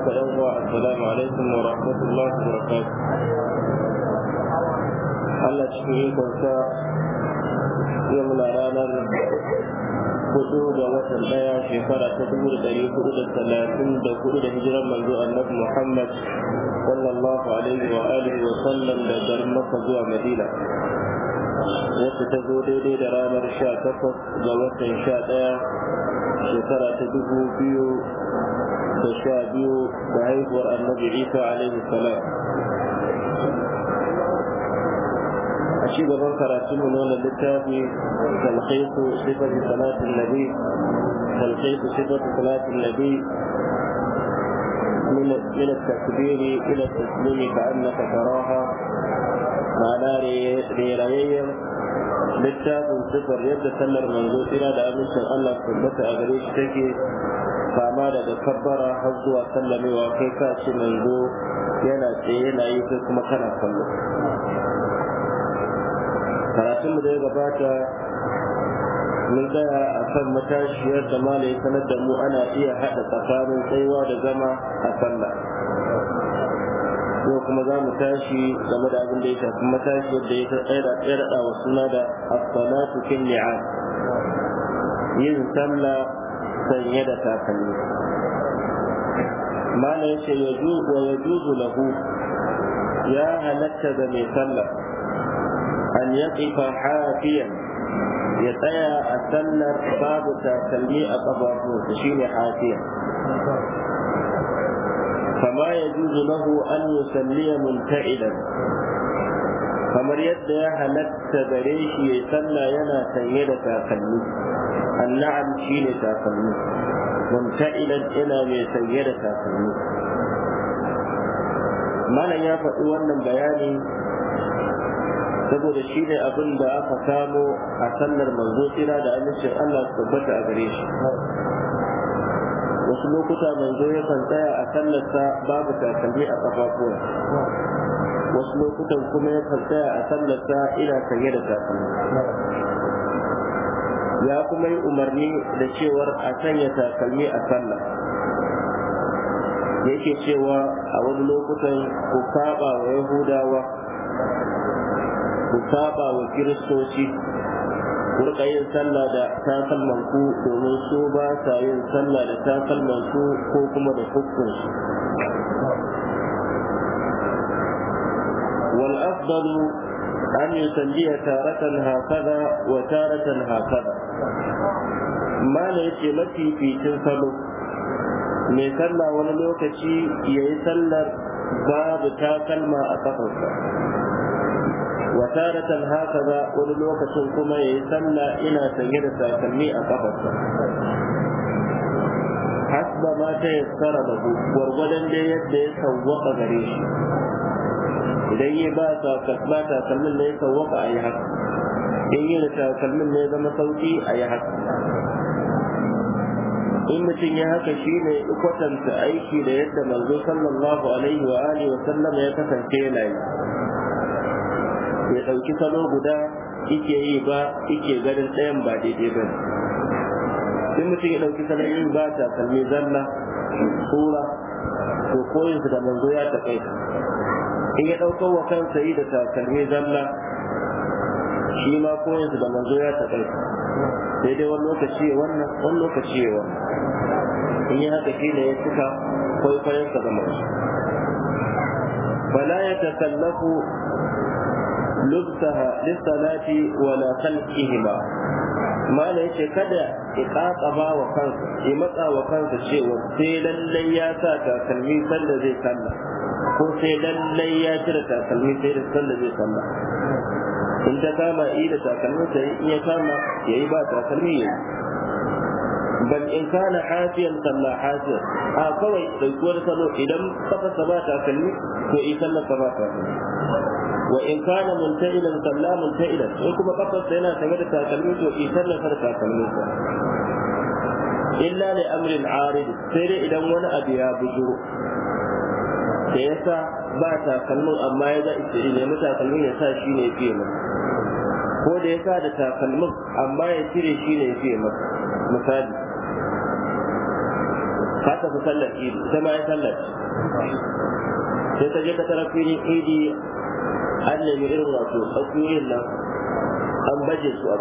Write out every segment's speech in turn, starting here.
السلام السلام عليكم ورحمة الله وبركاته الله تشكيك وساء يوم العرانة قدود وصل بيع في فرع تدور دليل قدود الثلاثين دقود هجرة من ذو النبي محمد صلى الله عليه وآله وسلم لدر مكة ذو مدينة وتتزود دي درامة رشاة تفق دوقع شاة في فرع تدور تشابه تعذر النبي عيسى عليه السلام أشيء بذور كراتين ونولى للتابع تلخيص صفة صلاة النبي تلقيت صفة صلاة النبي من من التكبير الى التسليم كانك تراها مع نار ريريهم للتابع صفر يبدا سمر منذ الى دعوة الله سبحانه وتعالى تكي kama daga kabbara har zuwa sallamewa kai ka ce manzo yana tsaye yana yi kai kuma kana kallo karatun mu da ya gabata mun tsaya a kan matashiyar da mala ya sanar da mu ana iya haɗa tsakanin tsayuwa da zama a sallah yau kuma za mu tashi game da abin da ya shafi matashiyar da ya tsaya da wa suna da as-salatu kin ni'am yin sallah sanye da takalmi mana ya yajuzu wa yajuzu lahu ya halatta da mai sallah an yaqifa hafiyan ya tsaya a sallar babu takalmi a kafafunsa shine hafiyan kama yajuzu lahu an yi yusalliya munta'idan kamar yadda ya halatta gare shi ya sallah yana sanye da takalmi anna'am shine takalmi mumta'ilan ina mai sanye da takalmi malam ya faɗi wannan bayani saboda shi ne abin da aka samo a sallar manzo tsira da amincin Allah su tabbata a gare shi wasu lokuta manzo yakan tsaya a sallarsa babu takalmi a kafafuwa wasu lokutan kuma yakan tsaya a sallarsa ina sanye da takalmi ya kuma yi umarni da cewar a sanya takalmi a sallah yake cewa a wani lokutan ku saba wa yahudawa ku saba wa kiristoci ku yin sallah da takalman ku domin su ba sa yin sallah da takalman ko kuma da hukun والأفضل أن afdalu تارة هكذا taratan هكذا wa taratan mana yace mafificin salo mai sallah wani lokaci ya yi sallar babu takalma a kafarsa wataratan haka ba wani lokacin kuma ya yi sallah ina sanye da takalmi a kafarsa hasba ma ta yi yassara da ku gwargwadon dai yadda ya sawwaka gare shi idan yi ba takalmin da ya sawwaka a yi haka in yi da takalmin da ya zama sauki a yi haka in mutum ya haka shi ne kwatanta aiki da yadda manzo sallallahu alaihi wa alihi wa sallam ya kasance yana yi ya ɗauki salo guda yake yi ba ike ganin ɗayan ba daidai ba in mutum ya ɗauki salo yin ba ta kalmi zalla sura to koyinsa da manzo ya taƙai in ya ɗaukar wa kansa yi da takalmi zalla shi ma koyinsa da manzo ya taƙai sai dai wani lokaci ya wannan wani lokaci ya wannan in yi haka shi ne ya cika kwaikwayon sa da masu Bala ya takallafu lubtaha lissalati wala khalqihima mala yace kada ya kakaba wa kansa ya matsa wa kansa cewa sai lallai ya sa takalmi sanda zai sallah ko sai lallai ya cire takalmi sai da sanda zai sallah in ta kama i da takalmin sai in ya kama yayi ba takalmi yayi bal in kana hafiyan sallah hafiyan a kawai daukuwar salo idan kafarsa ba takalmi to in sallarsa ba takalmi wa in kana munta'ilan sallah munta'ilan in kuma kafarsa yana tare da takalmi to in sallarsa da takalmi illa li amrin arid sai dai idan wani abu ya bujuro da yasa ba takalmin amma ya ga ne mutakalmin ya sa shi ne fiye mana ko da ya sa da takalmin amma ya cire shi ne ya fiye masa misali ka tafi sallar idi ita ma ya sallar sai ta je ta tarar filin idi an nemi irin wato tsakiyoyin nan an baje su a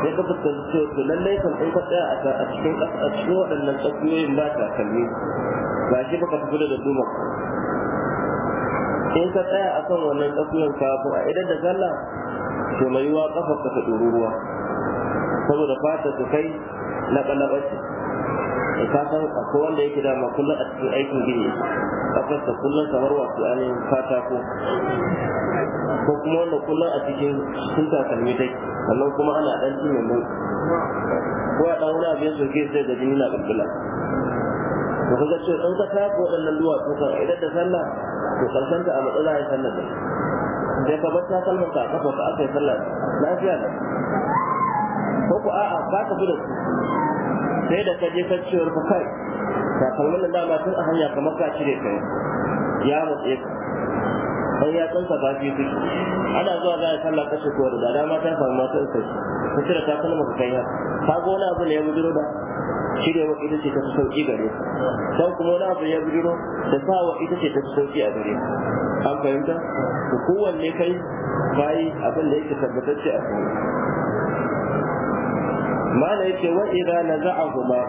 sai ka fuskanci cewa to lallai kan ɗauka tsaya a cikin waɗannan tsakiyoyin ba takalmi ba shi ba baka fito da duma in ka tsaya akan wannan tsakiyar kafin a idan da sallah to mai yiwa kafar ka ɗuru ruwa saboda fata su kai na ƙalabarci in ka san akwai wanda yake dama kullum a cikin aikin gini kafar ta kullum kamar wasu ainihin katako ko kuma wanda kullum a cikin sun takalmi dai sannan kuma ana ɗan cin mai ko a ɗan wani abin soke sai da jini na ɓulɓula. Ko kaga cewa ɗan ka tafi waɗannan duwatsu kan idan da sallah to karshen ta a matsala ya sallar da sai ka bar ta ka a kafa ka aka yi sallah. lafiya ne ko ku a'a ba ka fi da su sai da ka je ka cewar ku kai takalmar da dama tun a hanya kamar ka cire ka ya matse ka sai ya tsansa ba shi suke ana zuwa za a sallah kashe ko da dama ta samu masu sai ka cire takalmar ka kai ya ka gona abu ne ya bujiro da shiryawa ita ce ta fi sauki gare su dan kuma wani abu ya biro da sa sawa ita ce ta fi sauki a gare su an fahimta Ku kowanne kai kayi abin da yake tabbatacce a kuma mala yake wa idza naza'ahuma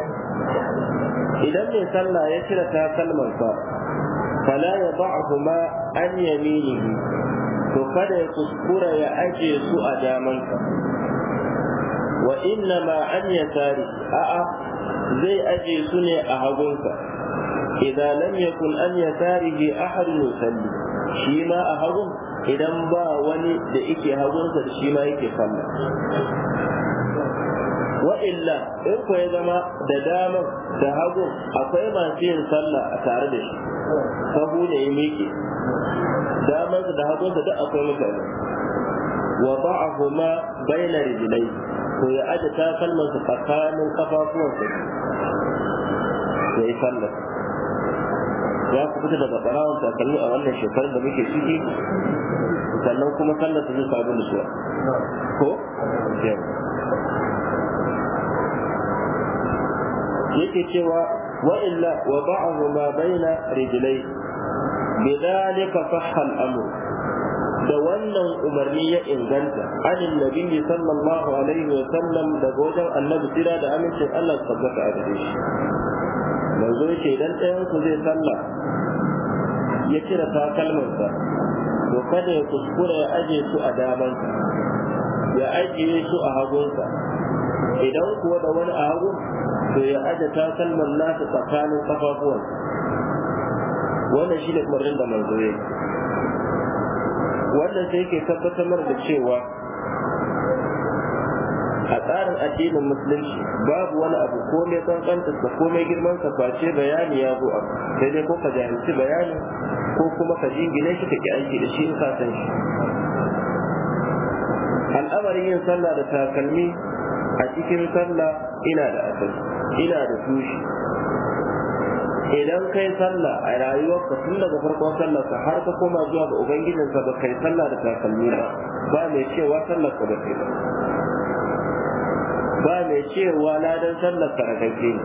idan mai sallah ya cire ta kalmar sa fala yada'ahuma an yaminihi to kada ya kuskura ya aje su a ka. wa inna ma an yasari a'a zai aje su ne a hagunsa idan lam yakun an yasarihi ahad yusalli shi ma a hagun idan ba wani da yake hagunsa da shi ma yake salla wa illa in ko ya zama da dama da hagun akwai masu yin sallah a tare da shi sahu ne ya miki. damansa da hagunsa duk akwai mutane wa ba'ahuma bayna rijlai to ya aje takalmansa tsakanin kafafuwansa ya yi sallar ya ku fita daga ɓarawon takalmi a wannan shekarun da muke ciki sannan kuma sallar su zai samu nutsuwa ko yake cewa wa illa wa ba'ahu ma baina rijlai bidhalika sahha al-amr da wannan umarni ya inganta anin nabiyyi sallallahu alaihi wa sallam da wajen annabi tsira da amincin Allah tabbata a gare shi manzo ce idan ɗayan ku zai sallah ya cire takalmansa to kada ya kuskura ya aje su a damansa ya aje su a hagunsa idan kuwa da wani a hagun to ya aje takalman nasa tsakanin kafafuwansa wannan shi ne umarnin da manzo yake wannan sai ke tabbatar da cewa a tsarin addinin musulunci babu wani abu ko mai kankantarsa ko mai girman sa face bayani ya zo abu sai dai ko ka jahilci bayani ko kuma ka jingine shi ka ki aiki da shi in ka san shi al'amarin yin sallah da takalmi a cikin sallah ina da asali ina da tushi idan kai sallah a rayuwarka tun daga farkon ka har ka koma zuwa ga ubangijinsa ba kai sallah da takalmi ba ba mai cewa sallarka ba kai ba ba mai cewa ladan sallarka ragagge ne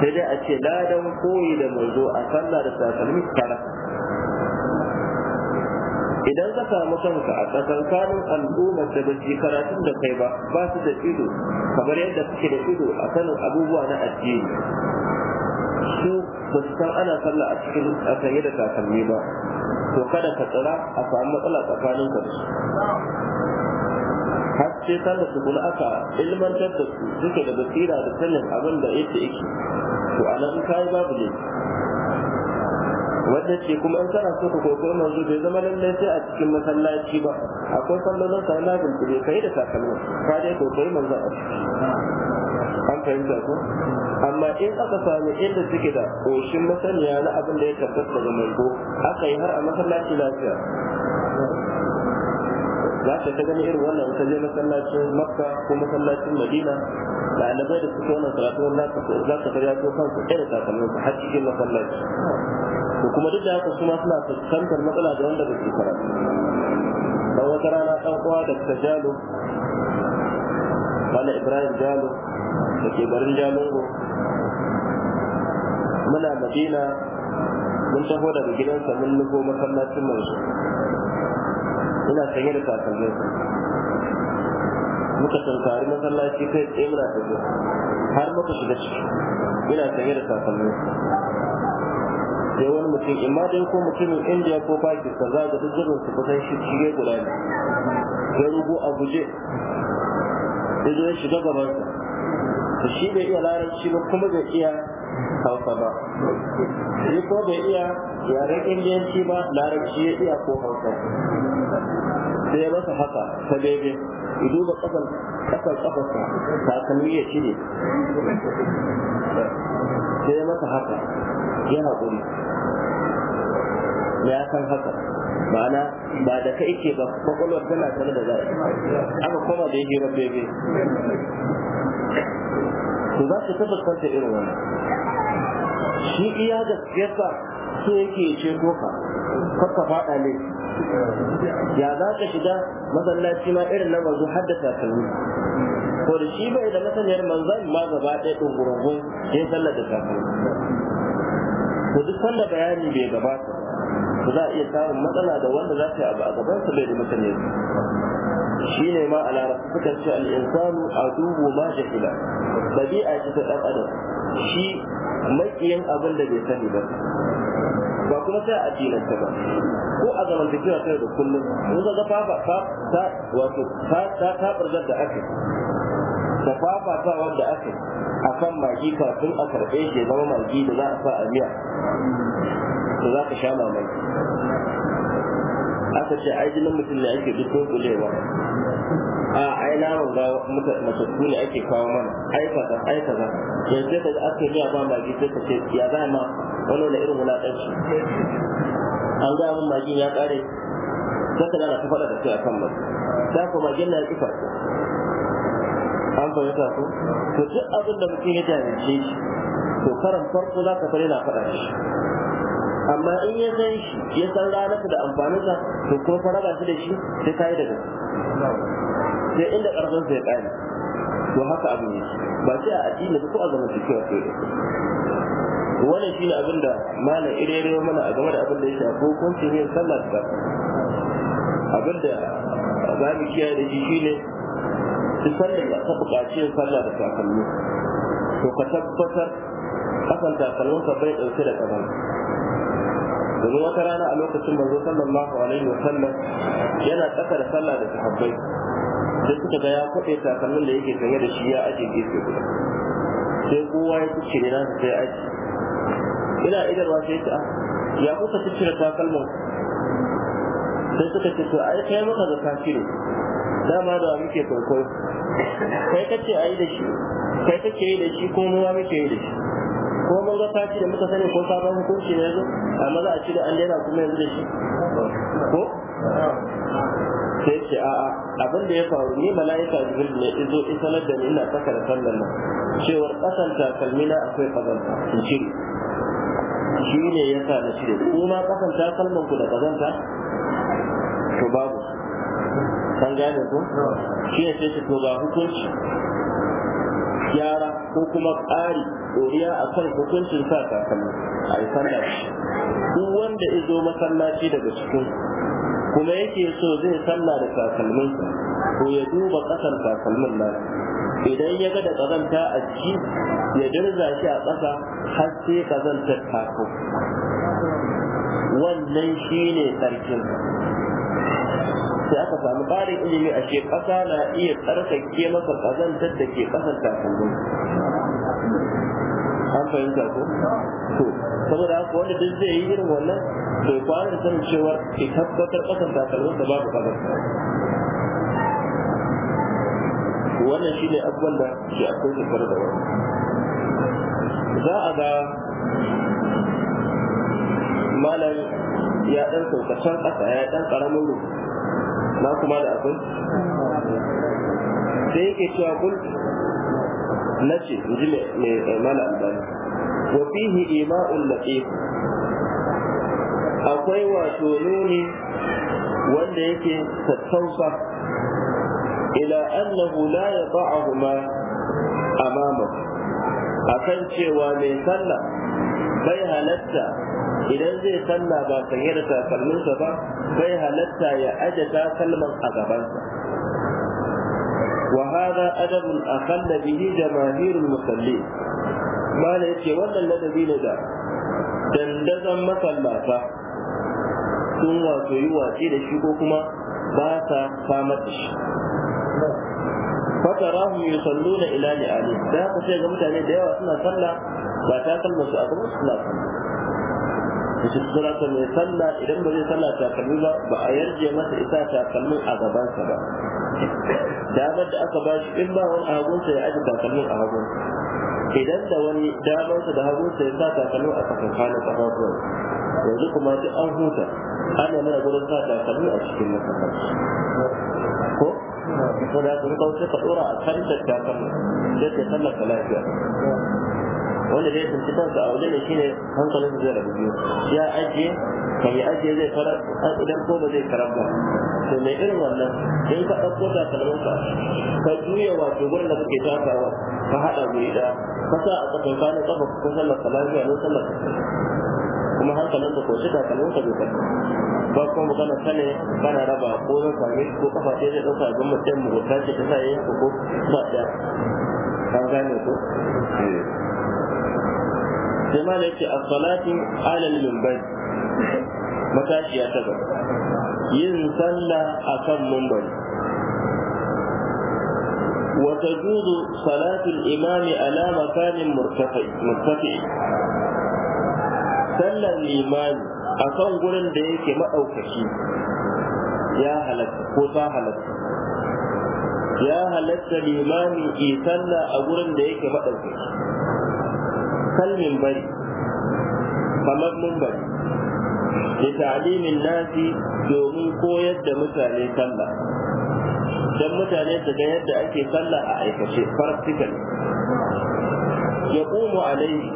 sai dai a ce ladan koyi da zo a sallah da takalmi kara idan ka samu kanka a tsakankanin al'ummar da basu karatun da kai ba ba su da ido kamar yadda suke da ido a sanin abubuwa na addini su ba su san ana sallah a cikin a sanye da takalmi ba to kada ka tsira a samu matsala tsakanin ka har sai sallar su kuma aka ilmantar da su suke da basira da sanin abin da yake yake to a nan kayi babu ne wanda ce kuma in kana so ka koyi zuwa bai zama lallai sai a cikin masallaci ba akwai sallolin sa na bincike kai da takalmi ka dai kai manzo a ciki an fahimta ko amma in aka sami inda suke da ƙoshin masaniya na abin da ya tabbata daga manzo aka yi har a masallaci lafiya za ta ta gani irin wannan ta je masallacin makka ko masallacin madina ɗalibai da suke wannan karatu za ka karya to kansu da takalmin su har cikin masallaci to kuma duk da haka su ma suna fuskantar matsala da wanda ba su karatu dan wata rana ɗan uwa da ta jalo Malam Ibrahim Jalo da ke garin jalingo muna madina mun taho daga gidansa mun nufo masallacin manzo ina sanye da takalmin muka tankari masallaci kai tsaye muna tafiya har muka shiga ciki ina sanye da takalmin sai wani mutum imma dai ko mutumin indiya ko pakistan za ga dukkanin su kusan shige guda ne ya rubu a guje ya zai ya shiga gabansa to shi bai iya larabci ba kuma bai iya hausa ba shi ko bai iya yaren indiyanci ba larabci ya iya ko hausa sai ya masa haka ta daidai ya duba kafar kafarsa kanu ya ne, sai ya masa haka ya haƙuri ya san haka ma'ana ba da kai ke ba kwakwalwar tana tare da za'a aka koma da ya hira bebe to za ka tabbatar da irin wannan shi iya siyasa su yake ya ceto ka kar fada faɗa ne ya za ka shiga masallaci ma irin na mazu har da takalmi ko da shi bai da masaniyar manzan ma gaba ɗaya gurugun ya sallar da takalmi ko duk wanda bayani bai gabata ba za a iya samun matsala da wanda za ta yi abu a gabansa bai da masaniyar shine ma a larabci suka ce al'insanu a dubu ma jahila ɗabi'a ce ta ɗan adam shi maƙiyin abin da bai sani ba ba kuma sai a dinanta ba ko a zamantakewa kai da kullum mun ga fafa ta wato ta ta tabarzar da ake da fafatawar da ake a kan magi kafin a karɓe shi zama magi da za a sa a miya da za ka sha mamaki aka ce ai jinin mutum ne ake duk kulewa a ai naman ga matattu ne ake kawo mana ai aikata ai kaza yanzu sai ka ji aka yi ba magi sai ka ce ya za ma wani wani irin wulaƙanci an ga abin magin ya ƙare sai ka ta faɗa da kai kan mai ta ko magi na ya ƙifa an fahimta ko to duk abin da mutum ya jahilce shi to karan farko za ka fara yana faɗa shi amma in ya san shi ya san ranarsa da amfaninsa to kuma fa shi da shi sai kai da gaske sai inda karfin sai kare to haka abin ne ba sai a addini ba ko a zaman cikin wato wannan shine abin da malam irere mana a game da abin da ya shafi hukuncin yin sallah da abin da za mu kiyaye da shi shine duk sallar da ta buƙaci yin sallah da takalmi to ka tabbatar kasan takalmin ka bai ɗauke da kaban domin wata rana a lokacin manzo sallallahu alaihi wasallam yana tsaka da sallah da sahabbai sai suka ga ya kwaɗe takalmin da yake sanye da shi ya aje gefe guda sai kowa ya kuce ne nasa sai aji ina idarwa sai ta ah, ya kuka cire takalmin sai suka ce to ai kai maka da kafiru dama da muke kwaikwayo kai kace ayi da shi kai kake yi da shi ko mu muke yi da shi ko mun ga taki da muka sani ko sabon hukunci ne yanzu amma maza a ci da an daina kuma yanzu da shi ko sai ce a'a abin da ya faru ni mala'ika jibril ne izo in sanar da ni ina saka da sallan nan cewar kasan takalmina akwai kazanta in shiri shi ne ya sa na shiri kuma kasan takalman ku da kazanta to babu kan gane ku shi ne sai to ga hukunci gyara ko kuma ƙari ɗoriya a kan hukuncin sa takalmi a yi shi. duk wanda ya zo masallaci daga cikin kuma yake so zai salla da takalmin ko ya duba ƙasar takalmin nan idan ya ga da ƙazanta a ciki ya dirza shi a ƙasa har sai ƙazantar tako wannan shine tsarkin sai aka samu ƙarin ilimi a ce ƙasa na iya tsarkake masa ƙazantar da ke ƙasar takalmin an fahimta ko to saboda haka wanda duk zai yi irin wannan to ya fara da sanin cewa ke tabbatar ƙasar takalmin da babu ƙazar wannan ne abubuwan da ke akwai shekar da wani za a ga malam ya ɗan saukacin ƙasa ya ɗan ƙaramin rubutu na kuma da abin sai yake cewa kul nace in ji mai eh, mana albani wa fihi ima'un laqif akwai wato nuni wanda yake tattausa ila annahu la yada'ahu ma amama akan cewa mai sallah bai halatta idan zai sallah ba sanye da takalminsa ba bai halatta ya aje takalman a gabansa وهذا أدب أقل به جماهير المصلين ما لك ولا الذي لدى dandazon masallata sun wato yi wace da shi ko kuma ba sa samar da shi fata rahu yi sallu ila ne a da haka sai ga mutane da yawa suna sallah ba su a suna yace sura ta mai sallah idan ba zai sallah takalmi ba ba a yarje masa isa takalmin a gabansa ba damar da aka bashi in ba wani hagunsa ya aji takalmin a hagunsa idan da wani damarsa da hagunsa ya sa takalmin a tsakankanin ƙafafuwan yanzu kuma duk an huta ana mana gurin sa takalmin a cikin masallaci ko ko da ka rika wuce ka dora a kan da takalmi da ke sallar lafiya wanda zai tsinci kansa a wajen da shi ne hankalin zai rabu biyu ya ajiye kan yi ajiye zai karar idan ko ba zai karar ba to mai irin wannan in ka ɗauko da kalmarka ka juya wato gurin da kake takawa ka haɗa guri ɗaya ka sa a tsakankanin ƙafa ko sallar ka lafiya ne sallar kuma hankalin ka ko shi takalmarka bai kai ba kuma magana ta ne kana raba ko zan sami ko kafa ce zai ɗauka don mutum mugunta ce ta sa ya yanka ko ba ɗaya an gane ko eh. sai ma da yake a salatu alal al matashiya ta gaba yin sallah akan minbari wa tajuzu salatu al-imami ala makanin murtafi sallar limani akan gurin da yake madaukaki ya halatta ko ta halatta ya halatta limani isalla a gurin da yake madaukaki kalmin bari kamar mumbari da ta'alimin nasi domin koyar da mutane sallah don mutane su ga yadda ake sallah a aikace practical ya kuma alaihi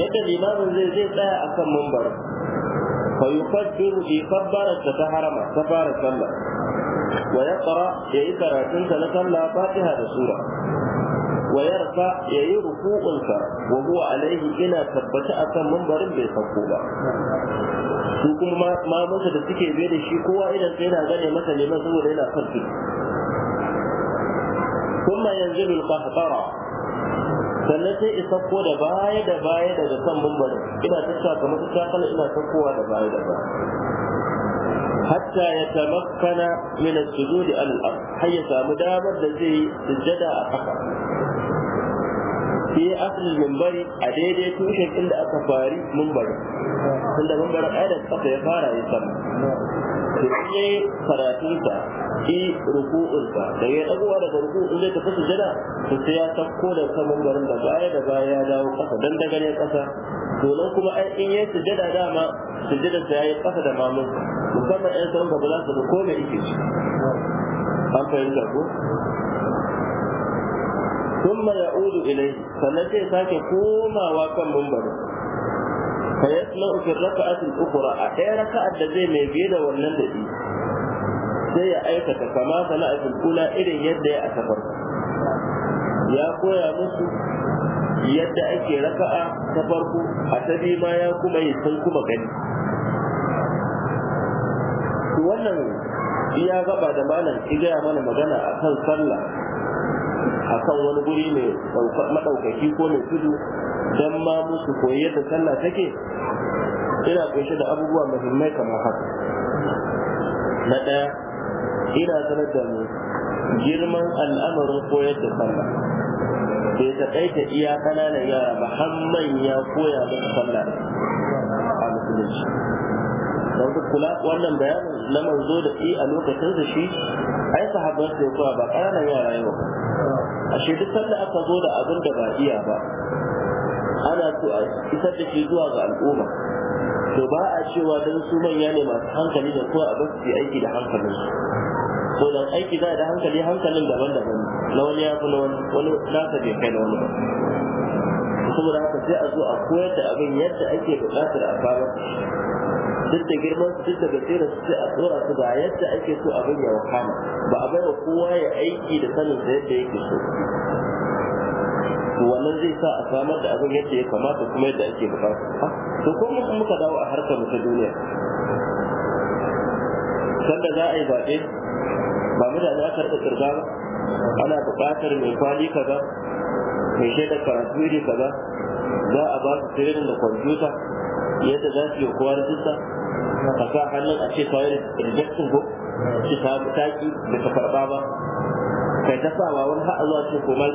yadda limamin zai zai tsaya a kan mumbar fa yukaddiru bi kabbarata ta harama ta fara sallah wa ya ya yi karatunta na sallah fatiha da sura wa yarfa yayi ruku'unsa wa huwa ina tabbata akan mambarin bai sauko ba su kuma da suke bai da shi kowa idan sai yana gane masa neman yana kuma yanzu sannan sai isa ko da baya da baya daga kan mambarin ina tattaka kamar tattaka ina sakkowa da baya da baya حتى يتمكن من السجود على الأرض حيث مدامر الذي a أحقا fi asalin mimbari a daidai tushen inda aka fari mimbari tunda mimbari ɗaya da ƙasa ya fara ya sama to in ya yi karatunsa i ruku'unsa da ya ɗagowa daga ruku'un zai tafi su jira to sai ya sauko da kan mimbarin da baya da baya ya dawo ƙasa don daga ne ƙasa to nan kuma ai in ya sujada dama sujada sa ya yi ƙasa da mamun musamman 'yan sauran gaba za su ga ko mai ike ci an fahimta ko thumma ya'udu ilayhi sannan sai sake komawa kan mumbarin fa yasma'u fi raka'ati al a ɗaya raka'ar da zai mai biye da wannan da shi sai ya aikata kama sana'a fil kula irin yadda ya asabar ya koya musu yadda ake raka'a ta farko a ta ma ya kuma yi sun kuma gani wannan iya gaba da malam gaya mana magana akan sallah a kan wani guri mai maɗaukaki ko mai tudu don ma musu koyi yadda sallah take ina kunshe da abubuwa muhimmai kamar haka na ɗaya ina sanar da mu girman al'amarin koyar da sallah bai taƙaita iya ƙananan yara ba har manya koya musu sallah a musulunci don kula wannan bayanin na manzo da shi a lokacin da shi ai sahabban sai koya ba ƙananan yara yau ashe duk sanda aka zo da abin da ba iya ba ana so a isar da shi zuwa ga al'umma to ba a cewa dan su manya ne masu hankali da kowa a ba su aiki da hankalin su to dan aiki za da hankali hankalin daban-daban na wani ya fi na wani wani nasa bai kai na wani ba saboda haka sai a zo a koyar da abin yadda ake buƙatar a fara duk da girman su duk da basira su sai a tsora su ga yadda ake so abin ya wakana ba a bai wa kowa ya aiki da sanin da yadda yake so to wannan zai sa a samar da abin yadda ya kamata kuma yadda ake bukata to ko mun muka dawo a harkar mu ta duniya sanda za a yi zaɓe ba mutane aka rika kirga ba ana buƙatar mai kwali kaza mai shaida karatu iri kaza za a ba su da kwamfuta yadda za su yi kowa rajista ka sa hannun a ce kawai rejection ko shi ta ga taki da ta karba ba kai ta sa sawa wani ha'a zuwa ce ko ma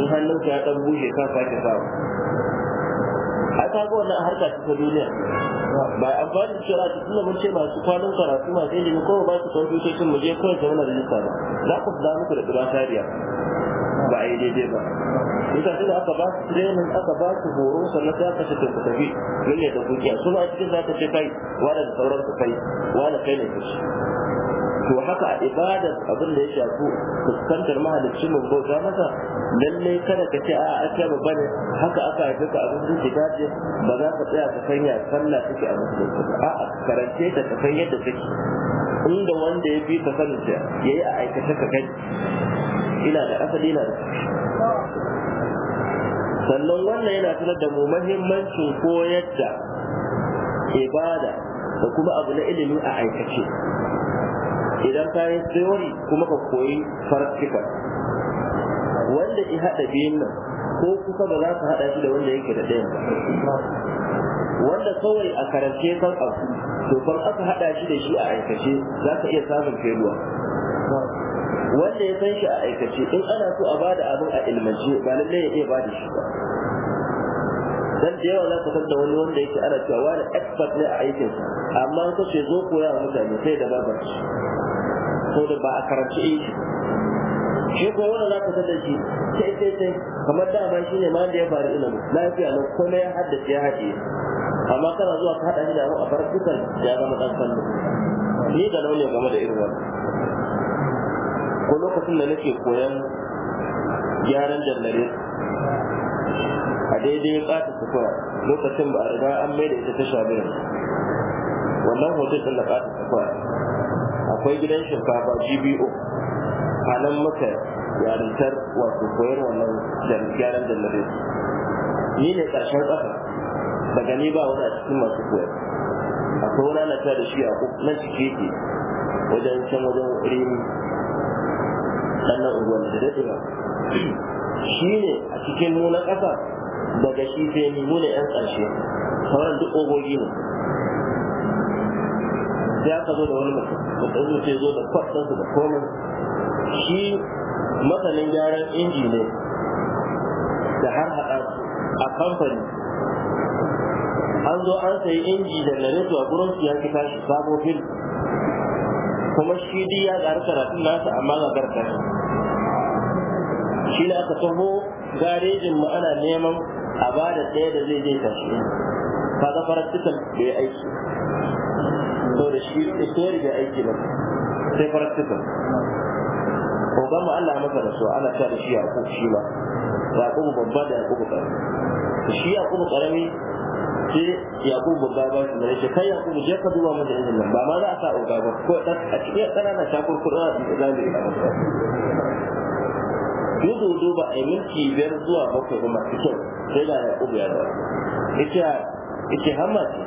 in hannun ka ya dan bushe ka sake sawa ai ka ga wannan harka ce ta duniya ba amfani da shari'a tun da mun ce masu kwanan karatu masu ilimi ko ba su kwamfutocin mu je kawai zama na rijista ba za ku fi da muku da ɗura tariya ba a yi daidai ba yasa sai da aka ba su training aka ba su horo sannan za ka shiga tafi lalle da kungiya su ba a cikin ka ce kai wani da sauran su kai wani kai ne kishi to haka a ibadar abin da ya shafi fuskantar mahalicci mun bauta masa Lallai kada ka ce a a kai ba bane haka aka haife ka abin da shiga ce ba za ka tsaya ka sanya sallah take a musulunci a a karance ta ka san yadda take inda wanda ya fi ka sanin ya yi a aikace ka kai ina da asali na da sannan wannan yana tunar da mu mahimmancin koyar da ibada da kuma abu na ilimi a aikace idan ka yi theory kuma ka koyi practical wanda ya haɗa biyun nan ko kuka ba za ka haɗa shi da wanda yake da ɗayan wanda kawai a karance kan abu to kuma aka haɗa shi da shi a aikace za ka iya samun feluwa wanda ya san shi a aikace in ana so a bada abin a ilmance ba lalle ya iya bada shi ba dan da yawa za ka san da wani wanda yake ana cewa wani expert ne a aikin amma ka ce zo koya wa mutane sai da babar shi ko da ba a karanci aiki shi ko wanda za ka san da shi sai sai sai kamar da dama shi ne ma da ya faru ilimi lafiya nan komai ya haddace ya haɗe amma kana zuwa ka haɗa shi da a bar dukan ya zama ɗan kallo ni da launi game da irin wannan akwai lokacin da nake koyan gyaran jallare a daidai kata sufa lokacin ba a riga an mai da ita ta bayan wannan hoton din da kata sufa akwai gidan shinkafa gbo a nan muka yarintar wato koyar wannan gyaran jallare ni ne karshen ƙasa daga ni ba wani a cikin masu koyar akwai wani ana da shi a nan ciki yake wajen can wajen rimi wannan unguwanni da daɗewa shi ne a cikin mu na ƙasa daga shi sai ni mu ne 'yan ƙarshe sauran duk ogogi ne Ya ka zo da wani mutum mutum sai zo da kwatsansu da komai shi masanin gyaran inji ne da har haɗa a kamfani an zo an sayi inji da nareto a gurin su ya fi tashi sabo fil kuma shi ya tsari karatun nasa amma ga gargashi shi ne aka taho garejin mu ana neman a ba da ɗaya da zai je tashi ka ga faratikan bai aiki to da shi isori bai aiki ba sai faratikan ko ba mu Allah masa da so ana ta da shi a yaƙub shi ba yaƙub babba da yaƙub ƙarami shi yaƙub ƙarami sai yaƙub babba ba shi mai kai yaƙub je ka duba masa injin nan ba ma za a sa oga ba ko a cikin ƙanana shakur kuɗa da zamu yi a dodo ba a minti biyar zuwa bakwai ba masu sai da ya ubu ya da ita ita hamma ce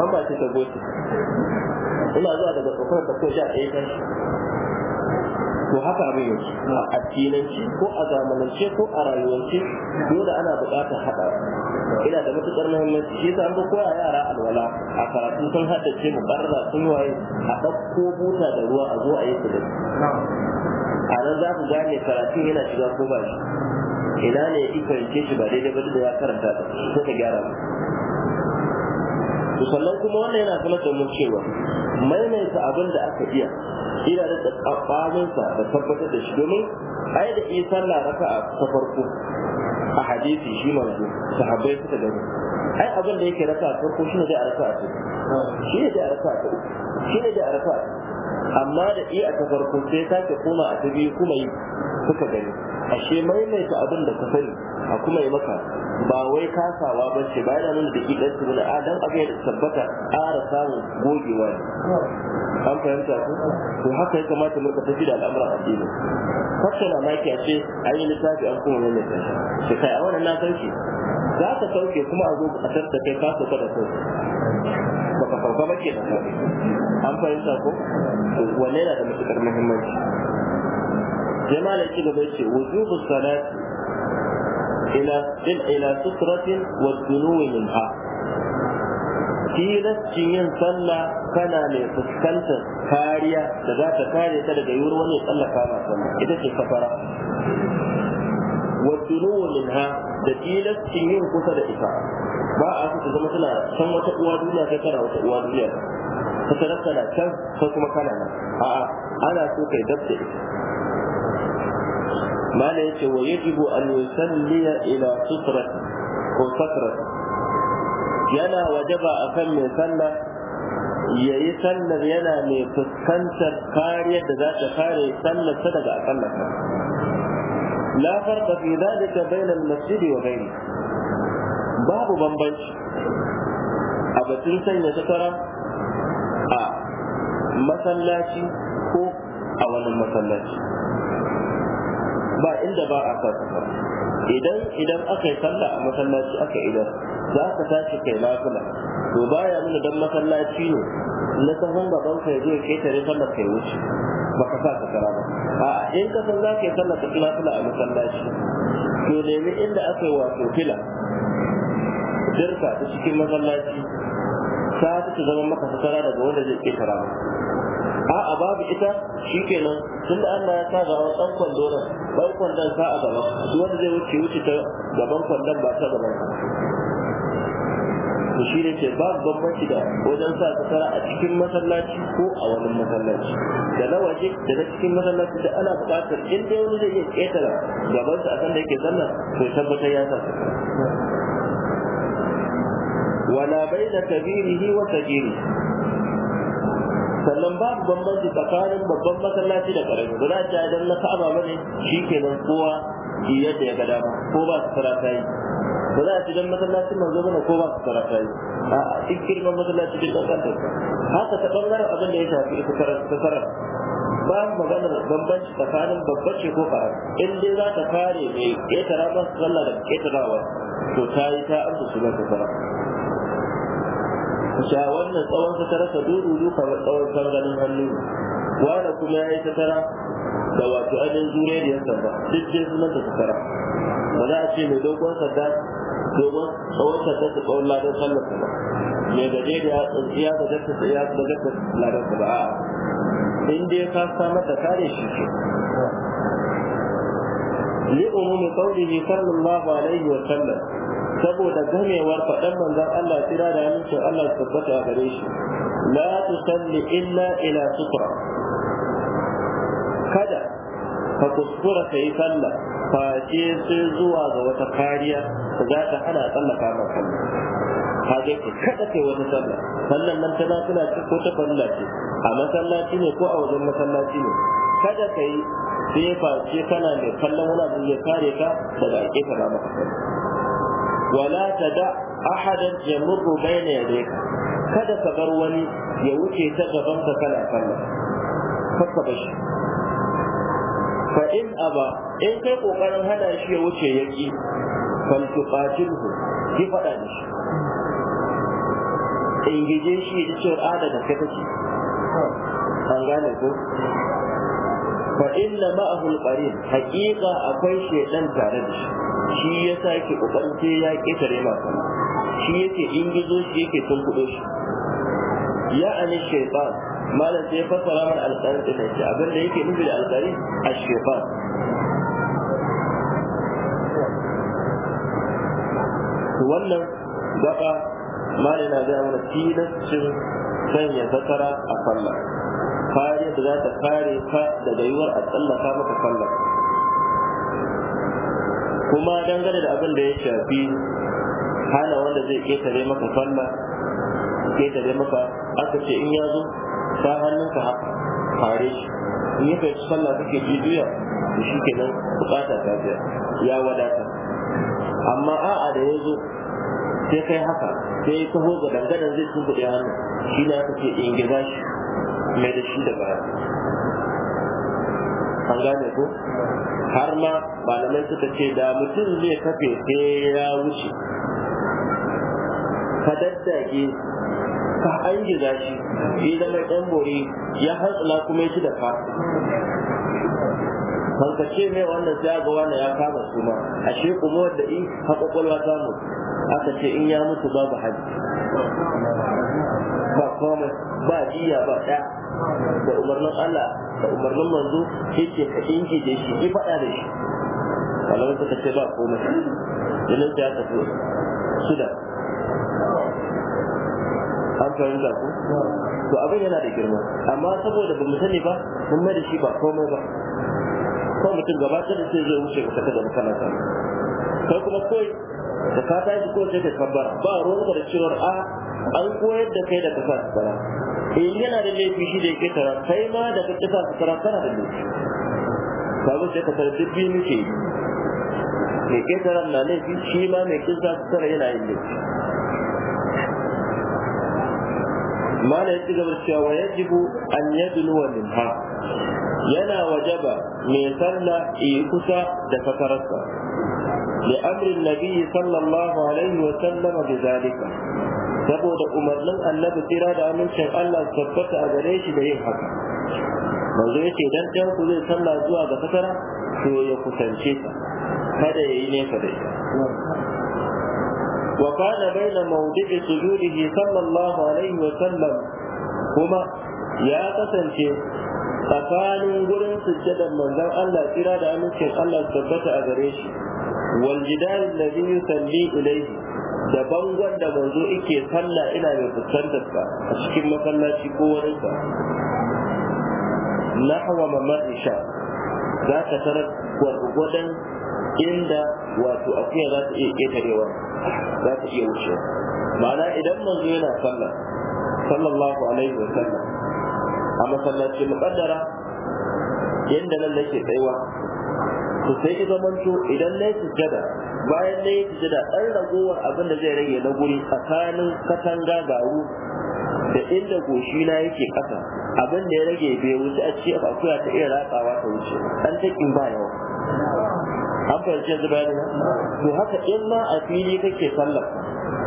hamma ce ta goce ina zuwa daga tsofar ta ko sha ɗaya kan shi to haka abin yake a addinance ko a zamanance ko a rayuwance dole ana buƙatar haɗa ina da matuƙar muhimmanci shi yasa an ga koya yara alwala a karatu sun haddace mu barra sun waye a ɗauko buta da ruwa a zo a yi a nan za ku gane karatun yana shiga ko ba shi ina ne ya fahimce shi ba daidai ba da ya karanta ta ka gyara to sannan kuma wannan yana sanar da mu cewa maimaita abin da aka iya ina da tsakaninsa da tabbatar da shi domin ai da isa sallah raka'a ta farko a hadisi shi manzo sahabbai suka gani ai abin da yake a farko shine da raka'a shi ne da raka'a shi ne da raka'a amma da iya a ta sai sai ke koma a tabi kuma yi suka gani ashe maimaita abin da ka sani a kuma yi maka ba wai kasawa ba ce ba yana nuna da ƙiƙar su wani adam abin da tabbata ƙara samun gogewa ne an fahimta ku to haka ya kamata muka tafi da al'amuran addini kwata na maki a ce an yi littafi an kuma maimaita shi kai a wannan na sauke za ka sauke kuma a zo a tarta kasa ka da sauke baka sauka ba ke an fahimta ko wanne yana da matukar muhimmanci jama'a da ci gaba ce wujubu salat ila ila sutratin wa dunuwi minha tilascin yin sallah kana mai fuskantar kariya da za ta kare ta daga yiwuwar wani tsallaka ma sallah ita ce safara. wa dunuwi minha da tilascin yin kusa da ita ba a so ta zama tana san wata uwa duniya kai kana wata uwa duniya ka tana kana can ko kuma kana nan a'a ana so kai dabta ita mala yace wa yajibu an yusalliya ila sutrat ko satrat yana wajaba akan mai sallah ya yi sallar yana mai fuskantar kariyar da za ta kare sallar ta daga akallar la farqa fi dhalika bayna al-masjidi wa ghayrihi babu bambanci a batun sanya sutura a masallaci ko a wani masallaci ba inda ba a sa idan idan aka yi sallah a masallaci aka idan za ka tashi kai nafila to baya nuna dan masallaci ne na sahun gaban kai zai ya ketare sallar kai wuce ka sa ka ba a in ka san za ka yi sallar ka nafila a masallaci to nemi inda aka yi wato fila dirka ta cikin masallaci ta ta zama maka fitara daga wanda zai ke tara a'a babu ita shikenan tunda Allah ya sa gaban dan kwando nan dan kwandon sa a gaba, su wanda zai wuce wuce ta gaban kwandon ba ta gaban ka to shi ne ce ba bambanci da wajen sa fatara a cikin masallaci ko a wani masallaci da na waje da na cikin masallaci da ana buƙatar inda dai wani zai iya ƙetara gabansa a kan da yake zanna to tabbatar ya sa fatara wala baina kabirihi wa sagiri sannan babu bambanci tsakanin babban masallaci da karami ba za ta idan na ka'aba bane shikenan kowa ki yadda ya ga dama ko ba su sarata yi ba za a ci don masallacin manzo bane ko ba su sarata yi a duk girman masallaci duk da. haka ta ɓangaren abin da ya shafi ita sarar ba maganar bambanci tsakanin babbar ce ko ƙarar in dai za ta kare mai ƙetara masu sallah da ƙetarawa to ta yi ta amsa sunan ta sarar cewa wannan tsawon tara ka duka kamar tsawon sanganin hannu wanda kuma ya yi tara da wato ainihin zure da yasa ba duk su sunan ta tara ba za a ce mai dogon sadda dogon tsawon sadda ta tsawon ladan sallar ba mai gaje da ya tsintsiya da jasta tsiya da jasta ladan ba a in dai ka samar da kare shi ke لأموم قوله صلى الله عليه وسلم saboda gamewar faɗan manzon Allah tira da hannunsa Allah su tabbata a gare shi la tusalli illa ila sutra kada ka kuskura ka yi sallah face sai zuwa ga wata kariya za ta hana tsallaka ka kaje ku kada kai wata sallah sallan nan ta nafila ce ko ta farilla ce a masallaci ne ko a wajen masallaci ne kada kai sai face kana mai kallon wani abu ya kare ka daga ake ka ba maka sallah wala tada ahadan yamurru bayna yadayka kada ka bar wani ya wuce ta gaban ka kana kallon kakka bashi fa in aba in kai kokarin hada shi ya wuce yaki fal tuqatilhu ki fada da shi in gije shi ya ce a da kai kake an gane ko fa inna ma'ahu alqarin haqiqa akwai shedan tare da shi shi ya sake kokarin ya ketare masa shi yake ingizo shi yake tunkudo shi ya ani shaytan malam sai fassara mana alqarin da shi abin da yake nufi da alqarin ash-shaytan wannan gaba malina da mana tilascin sanya zakara a sallah ayar za ta kare ka daga yiwuwar a tsallaka maka sallar kuma dangane da abin da ya shafi hana wanda zai ketare maka sallar ketare maka aka ce in ya zo hannun hannunka kare shi in ya fahimci sallah kake jujuya da shi nan bukata ta biya ya wadata amma a'a da ya zo sai kai haka sai ya taho ga dangane zai tumbuɗe hannu shi ne aka ce in gida shi mai da shi da baya an gane ko har ma malamai suka ce da mutum zai kafe sai ya wuce ka daddage ka angiza shi ya zama ɗan ya hantsula kuma shi da ka ce mai wannan sai ga wannan ya kama suma ashe kuma wanda in ha za ta mu aka ce in ya mutu babu hajji ba komai ba jiya ba ɗaya da umarnin Allah da umarnin manzo sai ce ka inji da shi ki faɗa da shi Allah suka ce ba komai jinin ya tafi shida. an fahimta ku to abin yana da girma amma saboda ba mu sani ba mun mai da shi ba komai ba Ko mutum gaba ta da sai zai wuce ka saka da makaranta kai kuma kawai da ka tashi ko sai ka kabbara ba ruwan da cewar a ah, an koyar da kai da ka sa bara in eh, yana da laifi shi da ya ketara kai ma da ka kisa su tara kana da laifi kaga sai ka tara dubbi muke yi mai ketara na laifi shi ma mai kisa su tara yana yin laifi mana ya ci gaba cewa wa jibu an yadnuwa ha yana wajaba mai sallah yi kusa da fatararsa لأمر النبي صلى الله عليه وسلم بذلك saboda umarnin annabi tsira da amincin Allah su tabbata a gare shi da yin haka manzo yace dan dan ku zai sallah zuwa ga fatara to ya kusance ta kada yayi nesa da ita wa kana baina mawdi'i sujudihi sallallahu alaihi wa sallam kuma ya kasance tsakanin gurin sujjadar manzon Allah tsira da amincin Allah su tabbata a gare shi wal jidal alladhi yusalli ilayhi da bangon da manzo yake sallah ina mai fuskantar ka a cikin masallaci ko wurin ka Na hawa mamar isha za ka tarar gwargwadon inda wato akuya za ta iya ƙetarewa za ta iya wuce ma'ana idan manzo yana sallah sallallahu alaihi wa sallam a masallaci muƙaddara yadda nan nake tsayuwa to sai ki zamanto idan na yi sujjada bayan da ya ji da ɗan ragowar abin da zai rage na guri tsakanin katanga garu da inda goshi na yake ƙasa abin da ya rage bai wuce a cikin akuya ta iya ratsawa ta wuce ɗan takin ba yawa an fahimci yanzu bayanin to haka in ma a fili kake sallar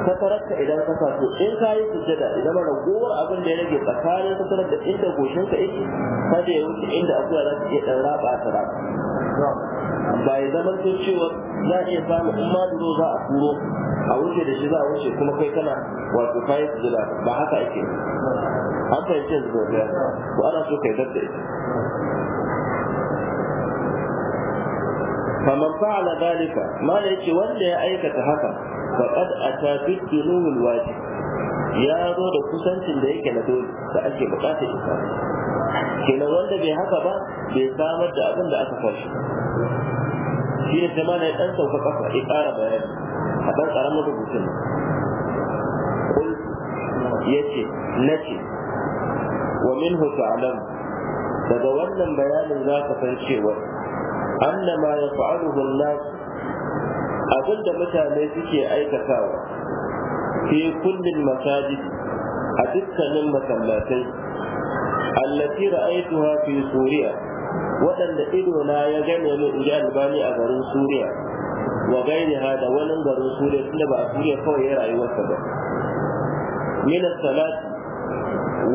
ka tararka idan ka sa to in ka yi da idan ragowar abin da ya rage tsakanin ka tarar da inda goshin ka yake kada ya wuce inda akuya za ta iya ɗan ratsa ta ratsa ba ya zama to cewa za a iya samu in ma duro za a kuro a wuce da shi za a wuce kuma kai kana wato kayan sujada ba haka ake an fahimci yanzu ba ko ana so kai dadda ita faman fa'ala dalika mala yace wanda ya aikata haka faqad ata bi dunul wajib ya zo da kusancin da yake na dole da ake bukatar isa kenan wanda bai haka ba bai samar da abin da aka fashi shi ne sai mana ya dan sauka ya ƙara bayani a ɗan ƙaramin rubutun kul ya ce na ce wa min alam daga wannan bayanin za ka san cewa annama ya fa'aluhu nas abin da mutane suke aikatawa fi kullin masajid a dukkanin masallatai allati ra'aituha fi suriya waɗanda ido na ya gane min in ji albani a garin suriya wa gaini ha da wani garin suriya da ba a suriya kawai ya rayuwarsa ba min salat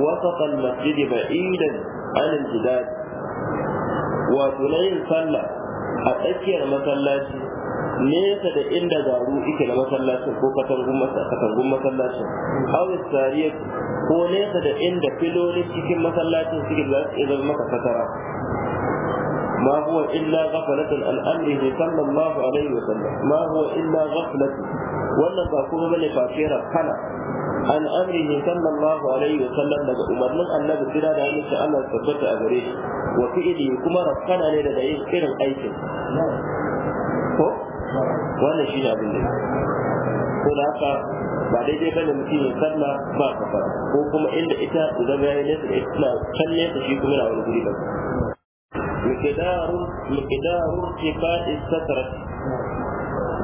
wasata al-masjid ba'idan an al-jidad wato na yin sallah a tsakiyar masallaci nesa da inda garu ike na masallacin ko katangun masallacin hawis tariyar ko nesa da inda filoli cikin masallacin suke za su zama maka fatara ما هو إلا غفلة عن أمره صلى الله عليه وسلم ما هو إلا غفلة ولا باكوما من فاكيرا خلا عن أمره صلى الله عليه وسلم لقد أمرنا أن نبتدى ذلك أن نستطيع أبريه وفئله كما رفقنا لنا دعين إرن أيكم ko wannan shi ne abin da ko da haka ba daidai bane mutum ya sanna ba kafara ko kuma inda ita zama ya yi nesa da ita can nesa shi kuma na wani guri ba مقدار مقدار ارتفاع السترة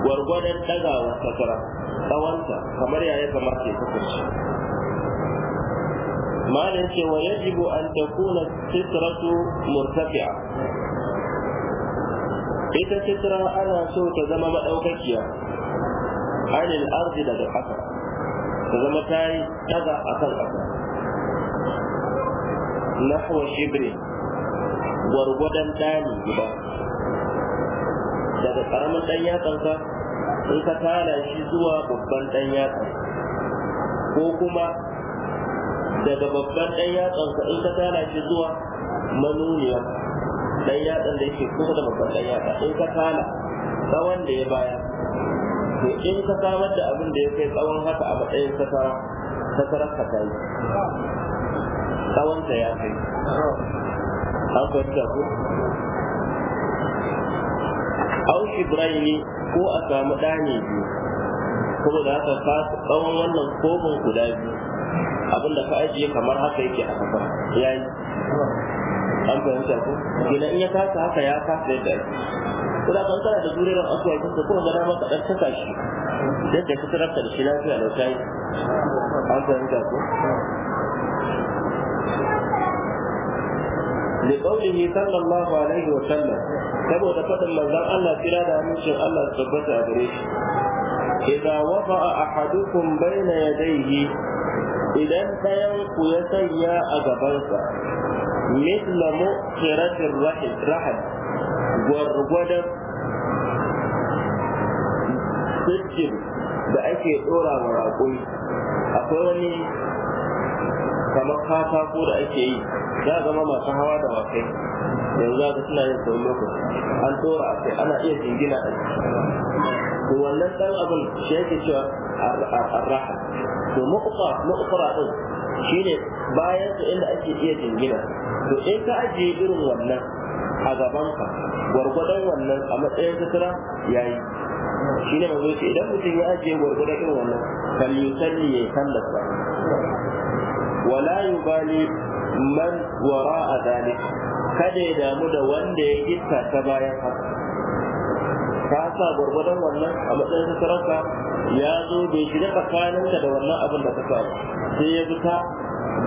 gwargwadon ɗagawa sakara tsawonta kamar yaya kamata ya kasance malin cewa yajibu an takuna sitratu murtafi'a ita sitra ana so ta zama maɗaukakiya anil arzi daga ƙasa zama ta yi ɗaga a kan ƙasa gwargwadon ɗani guda daga karamin ɗan yatsansa in ka tara shi zuwa babban ɗan yatsa ko kuma daga babban ɗan yatsansa in ka tara shi zuwa manuniya ɗan yatsan da yake kusa da babban ɗan yatsa in ka tara tsawon da ya baya to in ka samar da abin da ya kai tsawon haka a matsayin kasara kasarar ka ta tsawon ta ya kai an fahimta ko au shibraini ko a samu ɗani biyu saboda haka ka tsawon wannan kofin guda biyu abinda ka ajiye kamar haka yake a kafa ya yi an fahimta ko kenan in ya kasa haka ya kasa yadda ake kuma kan kana da juriran asuwakin ka kuma gana maka ɗan saka shi yadda ka tarar da shi lafiya lauta yi an fahimta ko da kaulihi sallallahu alaihi wa sallam saboda faɗin manzon Allah kira da amincin Allah su tabbata a gare shi idza wada'a ahadukum bayna yadayhi idan ɗayan ku ya sanya a gabansa mithla muqiratir rahim gwargwadon sittin da ake ɗora wa raƙumi akwai wani kamar katako da ake yi za zama masu hawa da wakai yanzu za ka suna yin sau lokaci an tora a ana iya jingina a to wannan dan abin shi yake cewa arraha to mu'uqa mu'uqra din shine bayan su inda ake iya jingina to in ka ajiye irin wannan a gabanka gwargwadon wannan a matsayin sutura ya yi. shi ne mazo ce idan mutum ya ajiye gwargwadon irin wannan yi kalli ya yi ba. wala yubali man a zalik kada ya damu da wanda ya gitta ta bayan haka ka sa gwargwadon wannan a matsayin sarauta ya zo bai shiga tsakaninka da wannan abin da ka samu sai ya fita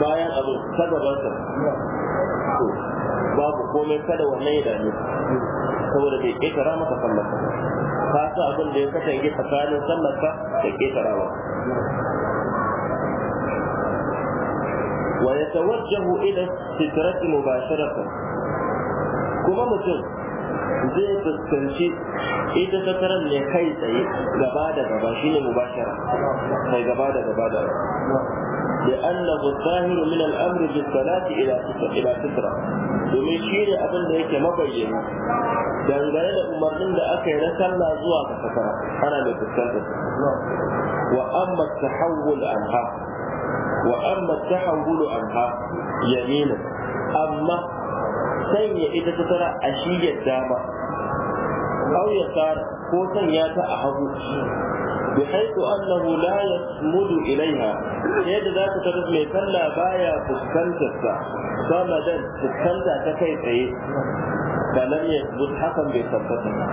bayan abin ta gabansa babu komai kada wannan ya damu saboda bai ƙetara maka sallarka ka sa abin da ya kasance tsakanin sallarka da ƙetarawa ويتوجه إلى السترة مباشرة كما مثل zai fuskanci ita sataran ne kai tsaye gaba da gaba shine mubashara gaba da gaba لأنه الظاهر من الأمر بالصلاة إلى إلى سترة domin shi ne abin da yake mabayyana dangane da umarnin da aka yi na sallah zuwa ga fatara ana mai wa wa amma tahawulu anha yamina amma sanya ita ta tara a shiyar dama aw ya tsara ko sanya ta a hagu بحيث أنه لا يصمد إليها يد ذات ترد مي فلا بايا فسكنتك صمدا فسكنتك كيف فلم يثبت حقا بثبتها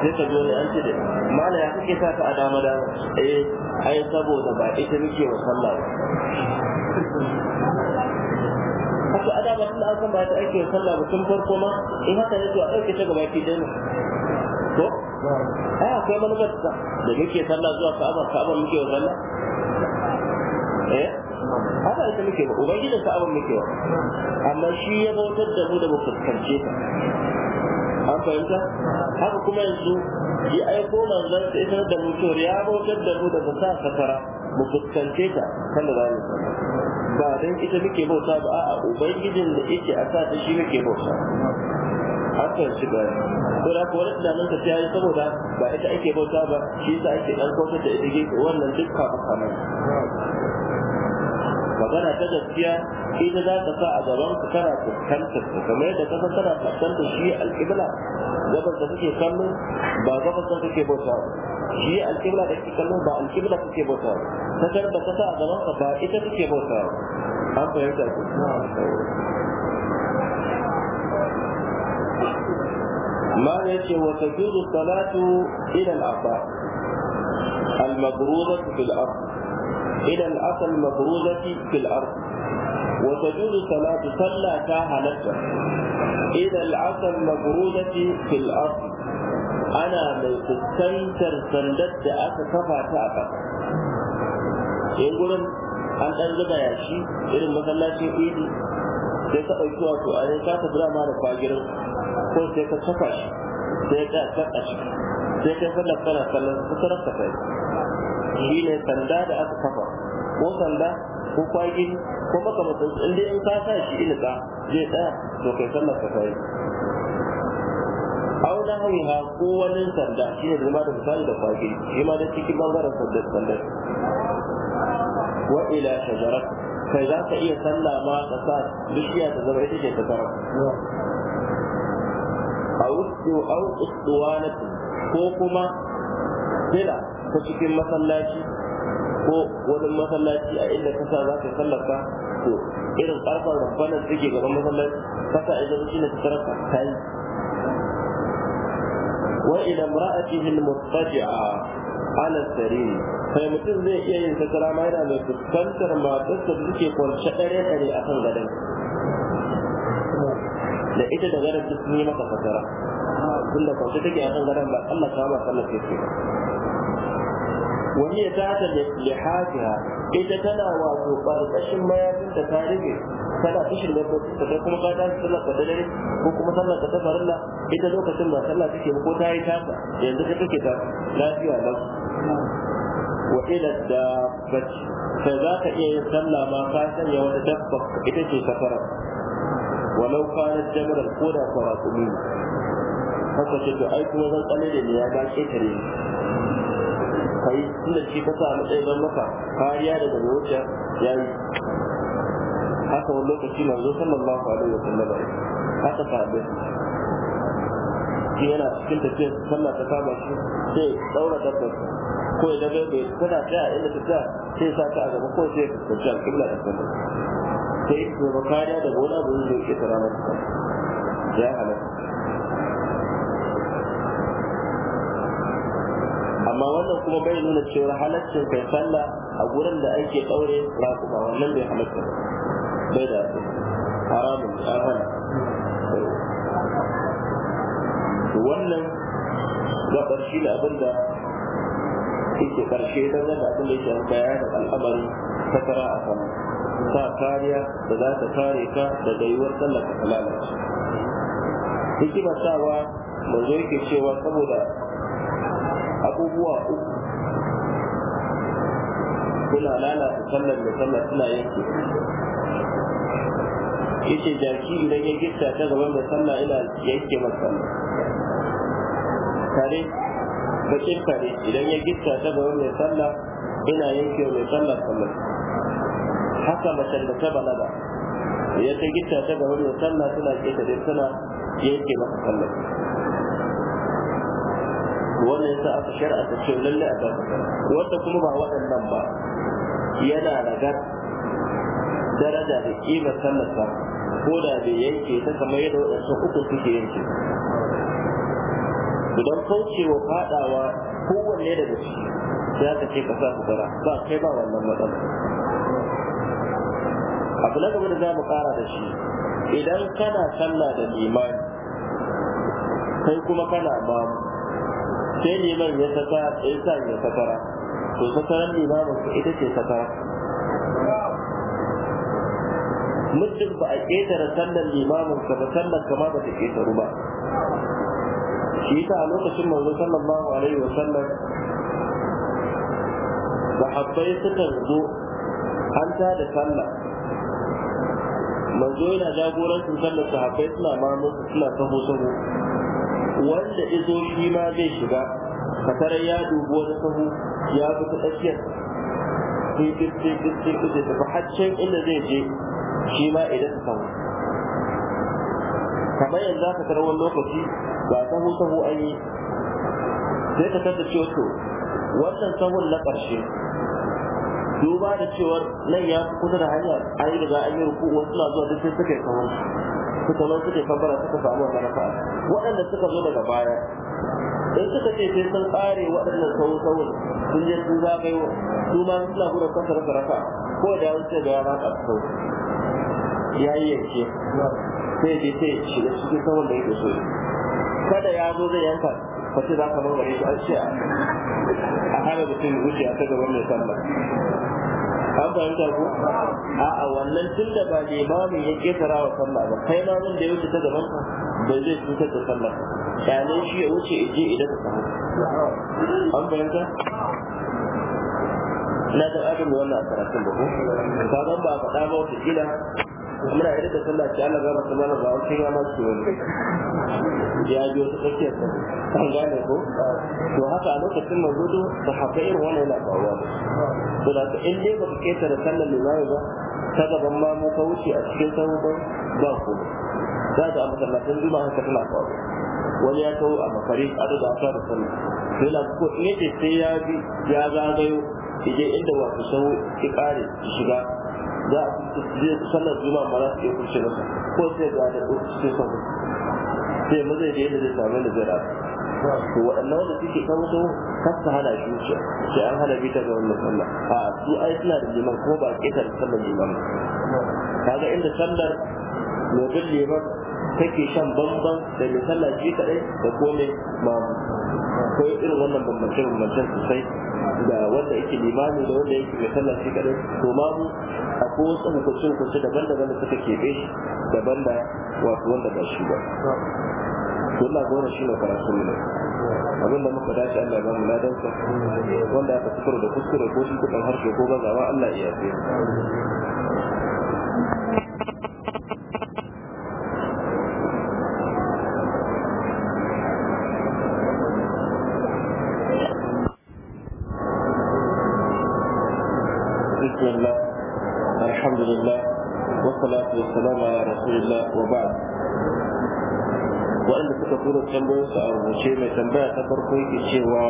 sai ka zo ne an ce da mana ya kake sa ka a dama dama eh ai saboda ba ita muke wa sallah ba haka ada ba tun an san ba ta ake wa sallah ba tun farko ma in haka ne to a ɗauke ta gaba ki Ko. to ai akwai manufar ta da muke sallah zuwa ka'aba ka'aba muke wa sallah eh haka ita muke ba ubangijin ka'aba muke wa amma shi ya bautar da mu da mu fuskance ta an fahimta haka kuma yanzu ya aiko manzon ta isar da mutuwar ya bautar da mu daga sa safara mu fuskance ta kan da zamu ba dan ita muke bauta ba a'a ubangijin da yake a sa ta shi muke bauta An shi ba ko da kowa da nan tafiya yi saboda ba ita ake bauta ba shi yasa ake dan kautar da ita gefe wannan duk kamar magana ta gaskiya ita za ta sa a gaban ka kana fuskantar ka kamar yadda ka san kana fuskantar shi alƙibla gaban da kake kallo ba gaban da kake bauta shi alƙibla da kake kallo ba alƙibla kake bauta ta kar da ka sa a gaban ka ba ita kake bauta an fahimta ku ما يجي وتجوز الصلاة إلى الأعضاء المبروزة في الأرض إلى الأصل المفروضة في الأرض وتجوز صلاة صلى تاهلتا إلى الأصل المفروضة في الأرض أنا من تستنكر صندت أتكفى تأكفى يقولون an ɗan zuba yashi irin masallacin idi sai ka ɗauki wato a ka tafi dama da kwagirin ko sai ka saka shi sai ka saka shi sai ka sallar kana sallar ka sarar ka shine sanda da aka kafa ko sanda ko kwagi ko makamantan inda in ka sa shi ilika zai tsaya to kai sallar ka kai Auna na hawiha ko wani sanda shi ne zama da misali da kwagi shi ma da cikin bangaren sandar sanda wa ila shajarat kai za ka iya sallah ma ka sa bishiya ta zama ita ce ta tara au aw ko kuma sila ta cikin masallaci ko wani masallaci a inda kasa za ka sallaka to irin karfan rabbanan suke gaban masallaci kasa idan shi ne ta tarka ta yi wa ila imra'atihi al-muttaji'a ala sarir sai mutum zai iya yin satara ma yana mai fuskantar matarsa da suke kwance dare dare akan gadon da ita da gadon duk ne maka satara tunda kwance take akan gadon ba Allah ta ba sallar take ba wani ya tata lihatiha ita tana wato ƙarƙashin mayafin ta tarihi tana kishin lokacin ta kuma ka tashi sallar ka dare ko kuma sallar ka ta farilla ita lokacin ba sallah take ko ta yi tasa yanzu ta kake ta lafiya lau wa ila dabbat sai za ka iya yin sallah ma ka sanya wata dabba ita ce safara walau kanat jamran ko da kwaratumi haka ce to ai kuma zan tsale da ne ya ga ketare kai tunda shi ka samu matsayin don maka kariya daga wuce ya yi haka wani lokaci manzo sallallahu alaihi wa sallam haka sahabbai shi yana cikin tafiyar sallah ta kama shi sai daura dabbar ko ya dabe bai tana tsaya inda ta tsaya sai sa ta a gaba ko sai ta fuskanci kibla da sallah sai ya kariya daga wani abu da ya ke tsara masa ya halatta amma wannan kuma bai nuna cewa halaccin kai sallah a gurin da ake ba ku ba wannan bai halatta bai da haramun an wannan ga shi da abin da yake ƙarshe da wanda abin da yake bayanin ta tara a sama ta kariya da za ta kare ka daga yiwuwar sallar ka lalace hikimar sawa manzo yake cewa saboda abubuwa uku kuna lalata sallar da sallar suna yanke yace jaki idan ya gitta ta gaban da sallah ina yanke masa tare da kare idan ya gitta ta gaban da sallah ina yake mai sallah sallah haka mace da ta balaga idan ta gitta ta gaban da sallah suna keta da suna yanke masa sallah wannan sa aka shar'a ta ce lalle a kan wanda kuma ba waɗannan ba yana ragar daraja da kimar sallarsa ko da bai yanke ta kamar yadda waɗansu uku suke yanke idan kaucewa faɗawa kowanne daga ciki sai aka ce ka sa su fitara ba kai ba wannan matsala abu na gaba da za mu ƙara da shi idan kana sallah da limani kai kuma kana bamu sai neman ya saka ya sa ya sakara to sakaran limamin ka ita ce sakara muddin ba a ƙetare sallar limamin ka ba sallar ma ba ta ƙetaru ba shi ta a lokacin manzo sallallahu alaihi wa sallam sahabbai suka zo an ta da sallah manzo yana jagorancin sallar sahabbai suna ma suna taho taho wanda izo shi ma zai shiga katarar ya dubi wani sahu ya fi ta tsakiyar kirkirkirkir da tafi haccen inda zai je shi ma idan ta samu kamar yanzu aka tarar wani lokaci ba sahu sahu an yi sai ka kasa cewa to wannan sahun na ƙarshe duba da cewar nan ya fi kusa da hanya an yi riga an yi ruku wasu na zuwa duk sai suka yi sahun suka zo suka kabbara suka samu wannan raka'a waɗanda suka zo daga baya in suka ce sai sun tsare waɗannan sau sau sun je sun kai su ma suna gura kasar raka ko da ya wuce da yara a sau ya yi yanke sai ke sai shiga cikin sauran da yake so kada ya zo zai yanka ka ce za ka mangare shi an ce a hana mutum wuce a ta gaban mai sallah an fahimta ko a'a wannan tun da ba limamin ya ketara wa sallah ba kai ma wanda ya wuce ta gaban ka ba zai cutar da sallah kyale shi ya wuce je idan ka samu an fahimta na da adalwa wannan a karatun ba. ko ka ba faɗa ba wata kila muna yadda da sallah ce Allah gaba ta mana ba wani ya ma ce wani ya ji wasu tsakiyar sa an gane ko to haka a lokacin mazudu da haka irin wannan yana faruwa to da in dai ba ka keta da sallar limami ba ta gaban ma mu ka wuce a cikin sauran ba ku za ta amsa lafiyan juma haka tana faruwa wani ya kawo a makare a da ta da sallah yana ko in yace sai ya bi ya zagayo ije inda wato sau ki kare shiga za zai sallar juma'a ma za su iya kurce masa ko sai ga da sai sa sai maza ya je da zai same da zai rabu to waɗannan wanda suke kan musu kasta hana shi wuce sai an hana bita ga wannan sallar, a su ai suna da liman ko ba ƙetar sallar liman kaga inda sallar mobil liman kake shan bamban da mai sallah shi kaɗai da kome ma ko irin wannan bambancin bambancin sosai da wanda yake limami da wanda yake mai sallah shi kaɗai, to ma mu akwai wasu hukunce hukunce daban-daban da suka keɓe shi daban da wato wanda ba shi ba Allah gona shi ne karatun ne abin da muka dace Allah ba mu ladansa wanda aka kuskure da kuskure ko shi kudin harshe ko gazawa Allah ya yafe الحمد لله والصلاة والسلام على رسول الله وبعد وأن تكفر التنبيه سأرغشي ما تنبيه تفرقي ما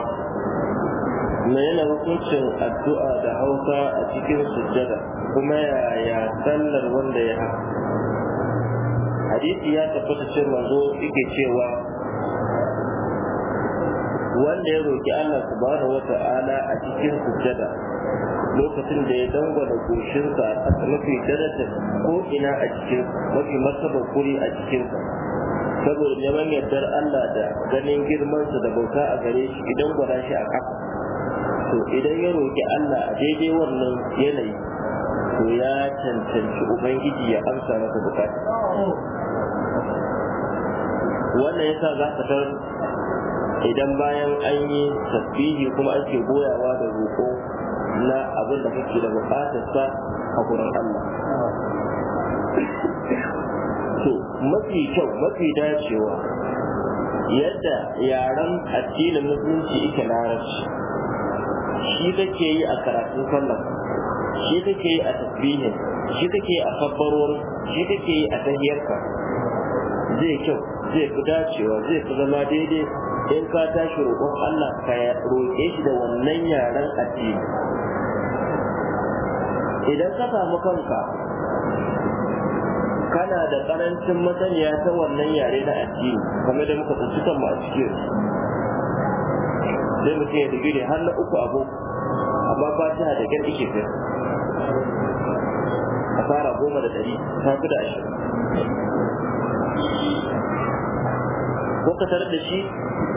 yana hukuncin addu'a da hausa a cikin sujjada kuma yaya sallar wanda ya haka hadisi ya tabbata cin manzo yake cewa wanda ya roki Allah subhanahu a cikin sujjada lokacin da ya dangwada goshinsa a mafi daraja ko ina a cikin mafi martaba kuri a cikinsa saboda neman yardar Allah da ganin girmansa da bauta a gare shi idan gwada shi a kafa to idan ya roƙi Allah a daidai wannan yanayi to ya cancanci ubangiji ya amsa masa bukata wannan yasa za ka tar idan bayan an yi tasbihi kuma ake goyawa da roƙo na abin da kake da ta a gurin Allah to mafi kyau mafi dacewa yadda yaren addinin musulunci yake larabci shi ke yi a karatun sallah, shi ke yi a tasbihin shi ke yi a kabbarwar shi ke yi a tahiyarka zai kyau zai fi dacewa zai fi zama daidai in ka tashi roƙon Allah ka roƙe shi da wannan yaren addini idan ka samu kanka kana da ƙarancin masaniya ta wannan yare na addini kamar da muka tsinci kanmu a cikin zai mutum ya ne har na uku abu amma ba ta da gan ike kai a fara goma da ɗari ta fi da ashirin ko ka tarar da shi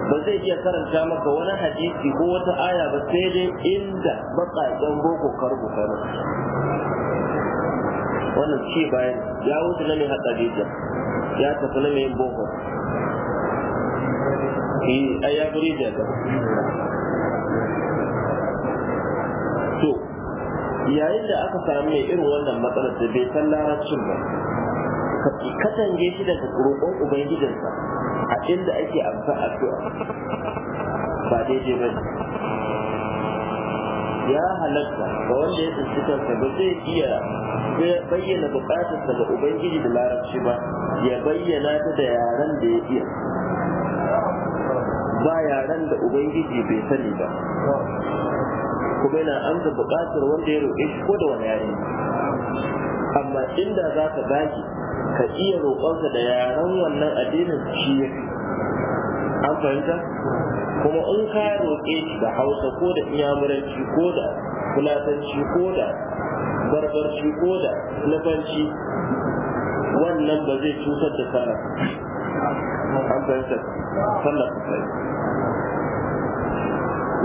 ba zai iya karanta maka wani hadisi ko wata aya ba sai dai inda baƙaƙen boko ka rubuta wannan ci bayan ya wuce na mai haƙa ya tafi na mai boko a ya guri rijiya ta to yayin da aka sami mai irin wannan matsalar da bai san larabcin ba katange shi daga roƙon ubangijinsa a inda ake amsa a su ba daidai ba ya halatta ga wanda ya tsinci kansa ba zai iya bayyana bukatarsa ga ubangiji da larabci ba ya bayyana ta da yaren da ya iya ba yaren da ubangiji bai sani ba kuma yana amsa bukatar wanda ya roƙe shi ko da wani yare amma inda za ka gaji ka iya roƙonsa da yaren wannan addinin shi ya an fahimta kuma in ka roƙe shi da hausa ko da inyamuranci ko da fulatanci ko da barbarci ko da nufanci wannan ba zai cutar da sana an fahimta sallar sai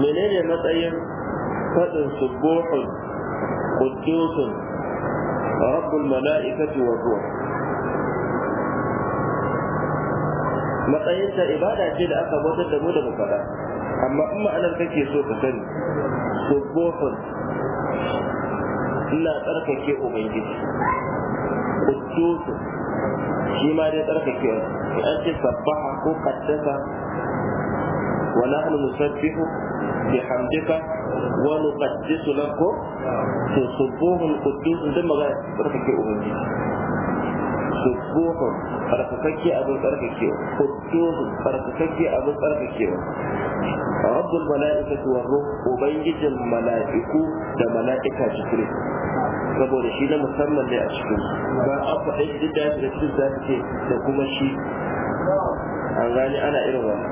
menene matsayin faɗin subuhun kudusun rabbul mala'ikati wa ruwa matsayin ta ibada ce da aka bautar da mu da mu amma in ma'anar kake so ka sani ko bofin ina tsarkake ubangiji kudusu shi ma dai tsarkake an ce sabbaha ko kaddasa wa nahnu bi hamdika wa nuqaddisu lakum to subuhun qudusun da magana tsarkake ubangiji dubbuhun farfakakke abin tsarkakewa kudduhun farfakakke abin tsarkakewa rabbul mala'ikatu war ruh ubangijin mala'iku da mala'ika cikin saboda shi na musamman ne a cikin ba a faɗi duk da da cikin za ce da kuma shi an gani ana irin wannan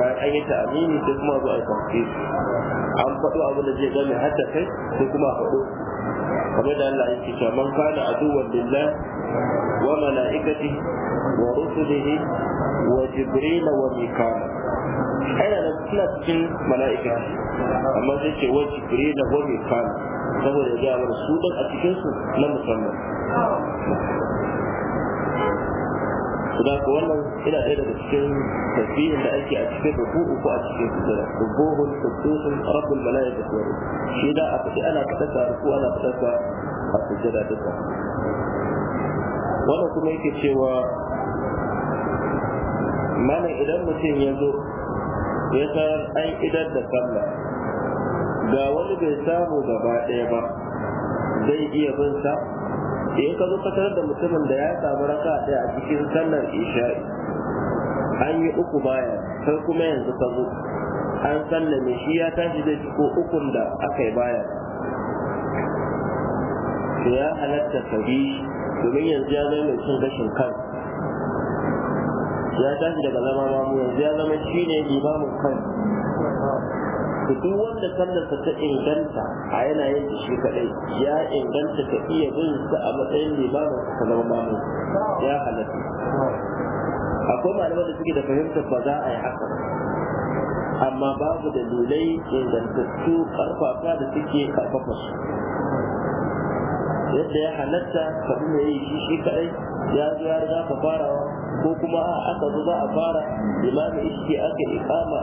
bayan an yi ta'amini sai kuma zo a yi an faɗo abin da zai game hadda kai sai kuma a faɗo kamar da Allah yake cewa man kana aduwwan lillah wa malaikatihi wa rusulihi wa jibril wa mikael ana da suna cikin mala'ika amma sai ce wa jibril wa mikael saboda ya ga su dan a cikin su na musamman da ka wannan ina ɗaya daga cikin tasbihin da ake a cikin ruku'u ko a cikin sujjada rubuhun qudusun rabbul malaikati wa shi da a fadi ana fadaka ruku ana fadaka a sujjada duka wannan kuma yake cewa malam idan mutum ya zo ya tarar an idar da sallah ga wani bai samu gaba ɗaya ba zai iya bin sa in ka zo ka tarar da mutumin da ya samu raka ɗaya a cikin sannan isha'i an yi uku baya sai kuma yanzu ka zo an sallame shi ya tashi da ko ukun da aka yi baya to ya halatta ka bi domin yanzu ya zama mai cin gashin kan ya tashi daga zama mamu yanzu ya zama shi ne limamin kan to duk wanda sa ta inganta a yanayin da shi kadai ya inganta ka iya yin sa a matsayin limamin ka zama mamu ya halatta akwai malaman da suke da fahimtar ba za a yi haka amma babu dalilai ingantattu karfafa da suke karfafa su yadda ya halatta ka ya yi shi shi kadai ya zuwa ya za ka farawa ko kuma a aka zo za a fara imami ishi aka ikama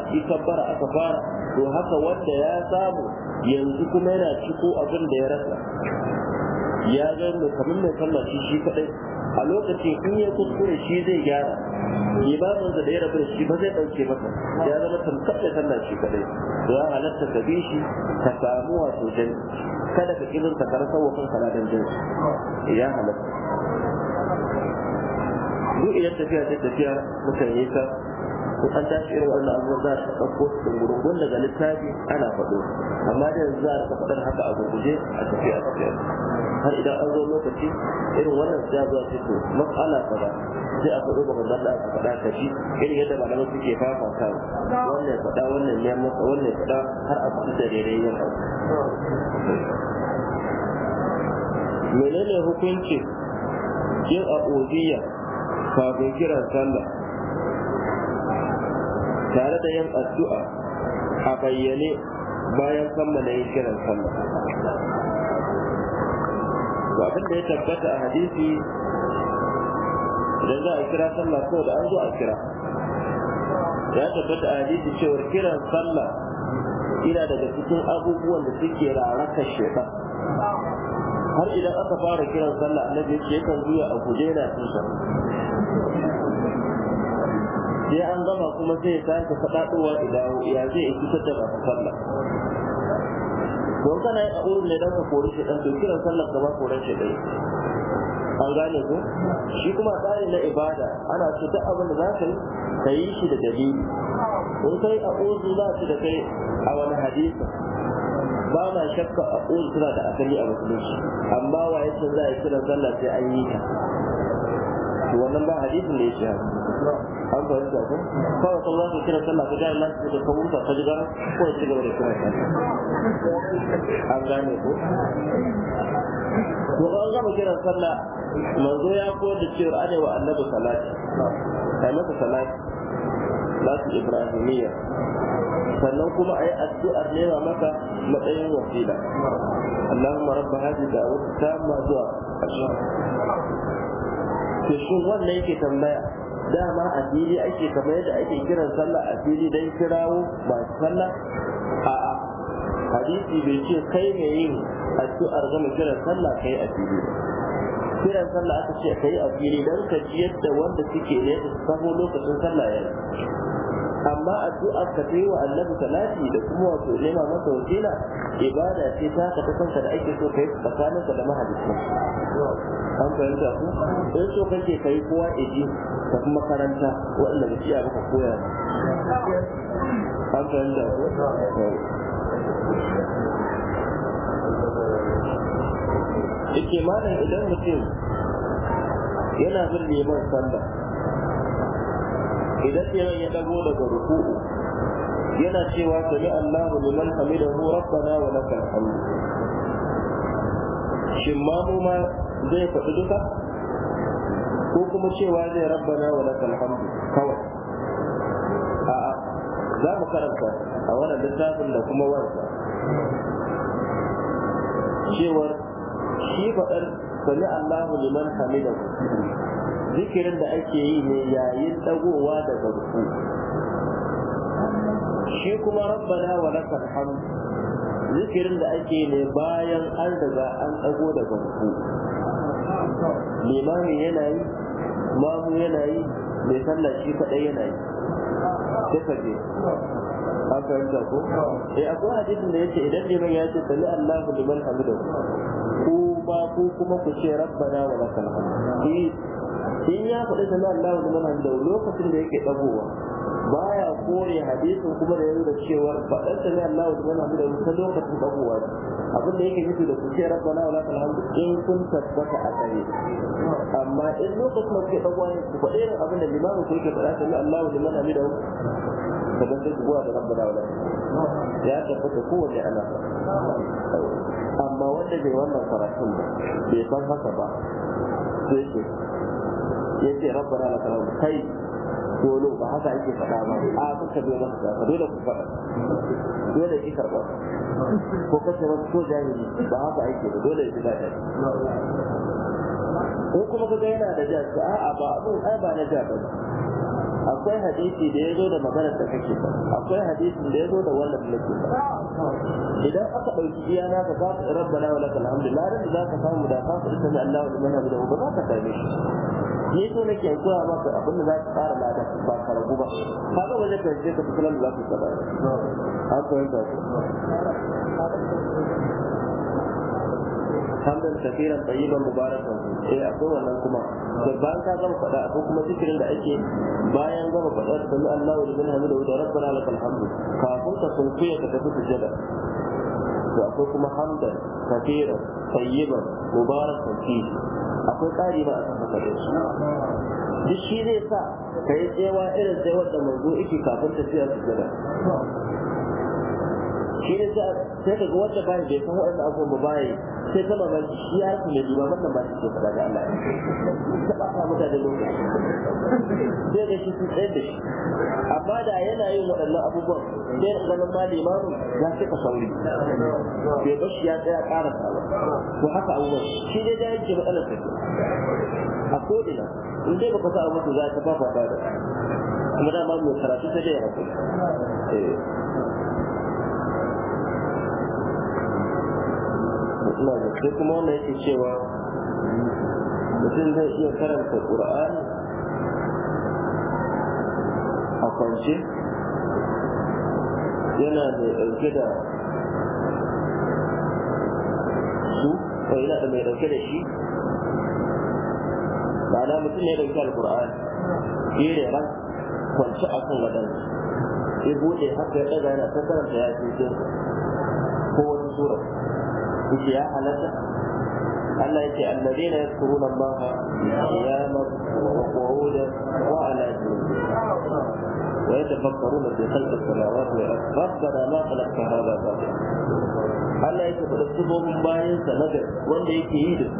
bara aka fara to haka wanda ya samu yanzu kuma yana ciko abin da ya rasa ya ga kamar mai sallah shi shi kadai a lokacin in ya kuskure shi zai gyara imamin da ya rabu shi ba zai dauke masa ya zama tamkar da sallah shi kadai ya halatta ka bi shi ka samu wato jin kada ka kirin ka karasa wa kanka ladan jin ya halatta duk idan tafiya ta tafiya mukan yi ta in an tashi irin wannan abubuwan za su ɗauko su dunguru wanda ga littafi ana faɗo amma da yanzu za a faɗar haka a gurguje a tafiya a tafiya har idan an zo lokaci irin wannan ya zuwa ce to mas'ala kaza sai a faɗo ga manzon da aka faɗa ka shi irin yadda malamai suke fafata wannan ya faɗa wannan ya masa wannan ya faɗa har a faɗi da daidai yin abu menene hukunci yin a kafin kiran sallah tare da yin addu'a a bayyane bayan kammala yin kiran sallah abin da ya tabbata a hadisi idan za a kira sallah ko da an zo a kira ya tabbata a hadisi cewar kiran sallah ina daga cikin abubuwan da suke raraka shaitan har idan aka fara kiran sallah annabi yake kan zuya a guje na tusa sai an gama kuma sai ya sake faɗaɗowa da dawo ya zai ya cutar da masu sallah don kana a wurin ne don ka kori shi ɗan to kiran sallar gaba koren shi ɗaya an gane ku shi kuma tsari na ibada ana ce duk abin da za ka yi ka yi shi da dalili in kai a ozu za su da kai a wani hadisa ba na shakka a ozu suna da asali a musulunci amma wa sun za a yi kiran sallah sai an yi ta wannan ba hadisin da ya ce an fahimta ko kawai sun zasu kira sallah ta jari lasu da ka huta ta jigara ko ya ci gaba da kira sallah an gane ko to an gama kira sallah manzo ya koyar da cewa ana wa annabi salati kai masa salati lasu ibrahimiyya sannan kuma a yi addu'ar nema maka matsayin wasila Allahumma rabba hadi da'awati tamma zuwa ƙarshe to shin wannan yake tambaya dama a fili ake kamar yadda ake kiran sallah a fili don kirawo ba sallah a a hadisi bai ce kai ne yin addu'ar gama kiran sallah kai a fili kiran sallah aka ce kai a fili don ka ji yadda wanda suke ne su samu lokacin sallah ya amma addu'a ka ta yi wa annabi salati da kuma wato nema masa wakila ibada ce ta ka ta kanka da ake so ka yi ka da mahalicci an fahimta ku in so kake ka yi kowa iji ka kuma karanta waɗanda ba ciya baka koya an fahimta ku Ike malam idan mutum yana bin neman sallah idan tsiran ya dago daga ruku'u yana cewa sami Allahu liman hamidahu rabbana wa lakal hamd shin ma mu ma zai faɗi duka ko kuma cewa zai rabbana wa lakal hamd kawai a'a za mu karanta a wannan littafin da kuma wansa cewar shi faɗar sami Allahu liman hamidahu zikirin da ake yi ne yayin dagowa daga ruku shi kuma rabbana wa lakal hamd zikirin da ake ne bayan an daga an dago daga ruku limami yana yi mamu yana yi mai sallah shi kadai yana yi duka je an fahimta ko eh akwai hadisin da ce idan liman ya ce sami Allahu liman hamidu ku ba ku kuma ku ce rabbana wa lakal hamd in ya faɗi sami Allahu da mana da lokacin da yake dagowa baya kore hadisin kuma da yanzu da cewa faɗar sami Allahu da mana da ta lokacin dagowa abin da yake nufi da ku ce rabbana wala alhamdu in kun tabbata a kai amma in lokacin da yake dagowa ku faɗi irin abin da limamin ku yake faɗa sami Allahu da mana da ka ga ku zuwa da rabbana wala ya tabbata kowace ana amma wanda bai wannan karatun ba bai san haka ba sai ya ce rabbana la karamu kai golo ba haka ake faɗa ba a kuka bai masa ka dole ku faɗa dole ki karɓa ko kace wasu ko jahili ba haka ake ba dole ki daɗa ko kuma ka ga yana da ja ce a'a ba abun ai ba na ja ba akwai hadisi da ya zo da maganar da kake ba akwai hadisin da ya zo da wannan da kake ba idan aka ɗauki iya na ka kafa rabbana wa lakal hamdu ladan da za ka samu da kafa ita da Allah wa liman da ba za ka same shi ni so nake a koya maka abin da za ka fara lada ba ka ragu ba ka ga wajen ka je ka fi kallon za ku saba an fahimta ku hamdan kafiran tayyiban mubarakan eh akwai wannan kuma da bayan ka gama faɗa akwai kuma zikirin da ake bayan gama faɗa sami Allahu liman hamidu wa rabbana lakal hamdu kafin ka sunkuya ka tafi sujada to akwai kuma hamdan kafiran tayyiban mubarakan fi akwai tsari ba a kan haka da su duk shi zai sa ka yi tsewa irin tsewar da manzo iki kafin tafiya su gada shi ne sai ka ga wanda bai bai san waɗanda abubuwan ba bai sai ka mamar shi ya yi mai duba wannan ba shi ke faɗa da Allah ta ba ta mutane lokaci sai da shi sun tsaye da shi amma da yana yin waɗannan abubuwan sai da ganin ma limamin ya fi ka sauri bai ba shi ya tsaya ƙara ba, ko haka abubuwan shi ne da yake matsalar ta a ko'ina in dai ba ka sa abubuwan za ka fafa da kuma dama mai karatu sai dai ya haƙuri eh. ina da sai kuma wannan yake cewa mutum zai iya karanta ƙur'ani a kwance yana mai ɗauke da su ko yana da mai ɗauke da shi ma'ana mutum ne ɗauke da ƙur'ani shi ne ran kwance a kan waɗansu sai buɗe haka ya ɗaga yana ta karanta ya fi yake ya halatta Allah na ya Ya ce. yake alladina yadhkuruna Allah da wa qu'udan wa ala junubihim ويتفكرون في خلق السماوات da ربنا ما خلقت هذا باطلا Allah ya yake faɗa sifofin bayan sa nagar wanda yake yi da su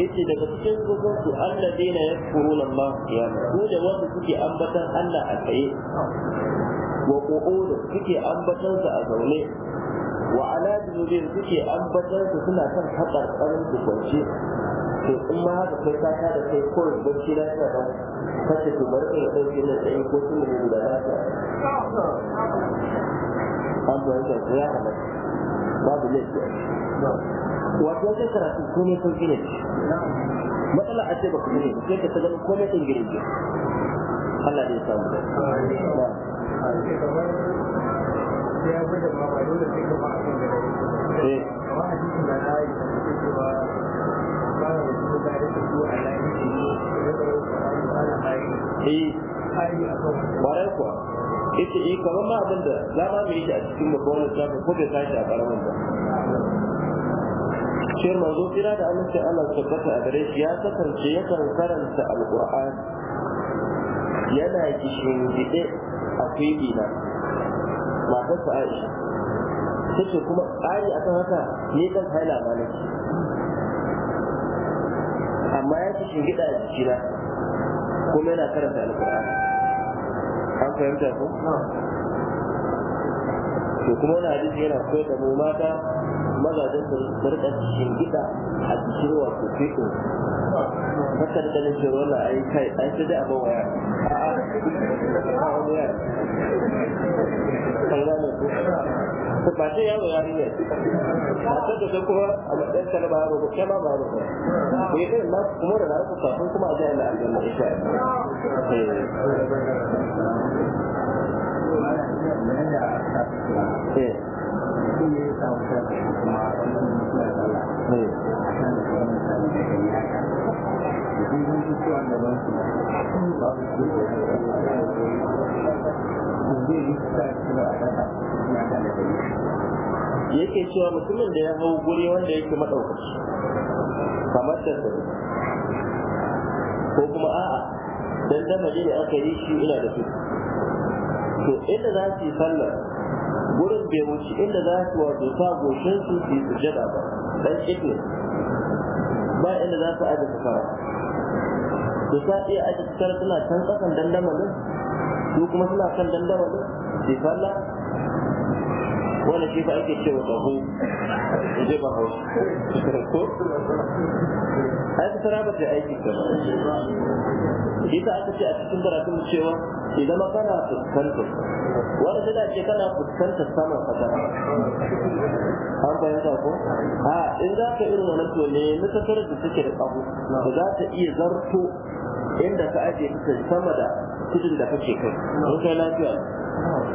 yace daga cikin sifofin su Allah daina ya kuro nan ma kiyama su da wanda suke ambatan Allah a tsaye wa qu'ud suke ambatan sa a zaune wa ala dunubin suke ambatar su suna kan haƙar tsarin su kwance to in ma haka kai ka da kai kawai bacci na ta ba kace to bari in ɗauki na tsaye ko sun da guda ta an ba yanka ko ya halatta babu laifi wato wata karatu komai sun gina ce matsala a ce ba ku gina sai ka ta ganin komai sun gina ce Allah da ya samu da. ya gwada ma da eh. yi ta ba da ya a eh. ya eh, kamar ma abin da za ma mu yi a cikin babban littafin ko bai tashi a karamin ba shir manzo tsira da amince Allah tabbata a gare shi ya kasance yakan karanta alqur'ani yana kishin gide a fiɗi na matarsa aisha take ce kuma ƙari akan haka ne kan haila ma amma ya fi shingida a jikina kuma yana karanta alƙur'ani an fahimta ko to kuma wani hadisi yana koyar da mu mata mazajen su rika shingida a cikin wato fiko baka da ganin cewa a yi kai ai sai dai abin waya a'a a wani waya kan gane ko ko ba sai yaro ya rinya ta da ga kuma a matsayin ka ba yaro ko kai ma ba yaro ko ko yake na kuma da na rubuta sun kuma a ji Allah aljanna insha Allah eh, eh. yake cewa mutumin da ya hau guri wanda yake maɗaukaci kamar da sauri ko kuma a'a don dama ne aka yi shi ina da su to inda za su yi sallar gurin bai wuce inda za su wato sa goshin su su yi sujada ba dan ƙife ba inda za su aje fara da sa iya aje sukara suna can ƙasan dandamalin su kuma suna kan dandamalin su falla wani shi fa ake cewa ƙaho in je ba hausa ko ai ta tara ba ta aiki ta shi ta aka ce a cikin karatun cewa idan kana fuskantar wani sai da ce kana fuskantar saman fasara an fahimta ko a in za ka irin wannan to ne na tattara da suke da kafu da za ta iya zarto inda ka aje ta sama da kudin da kake kai Mun kai lafiya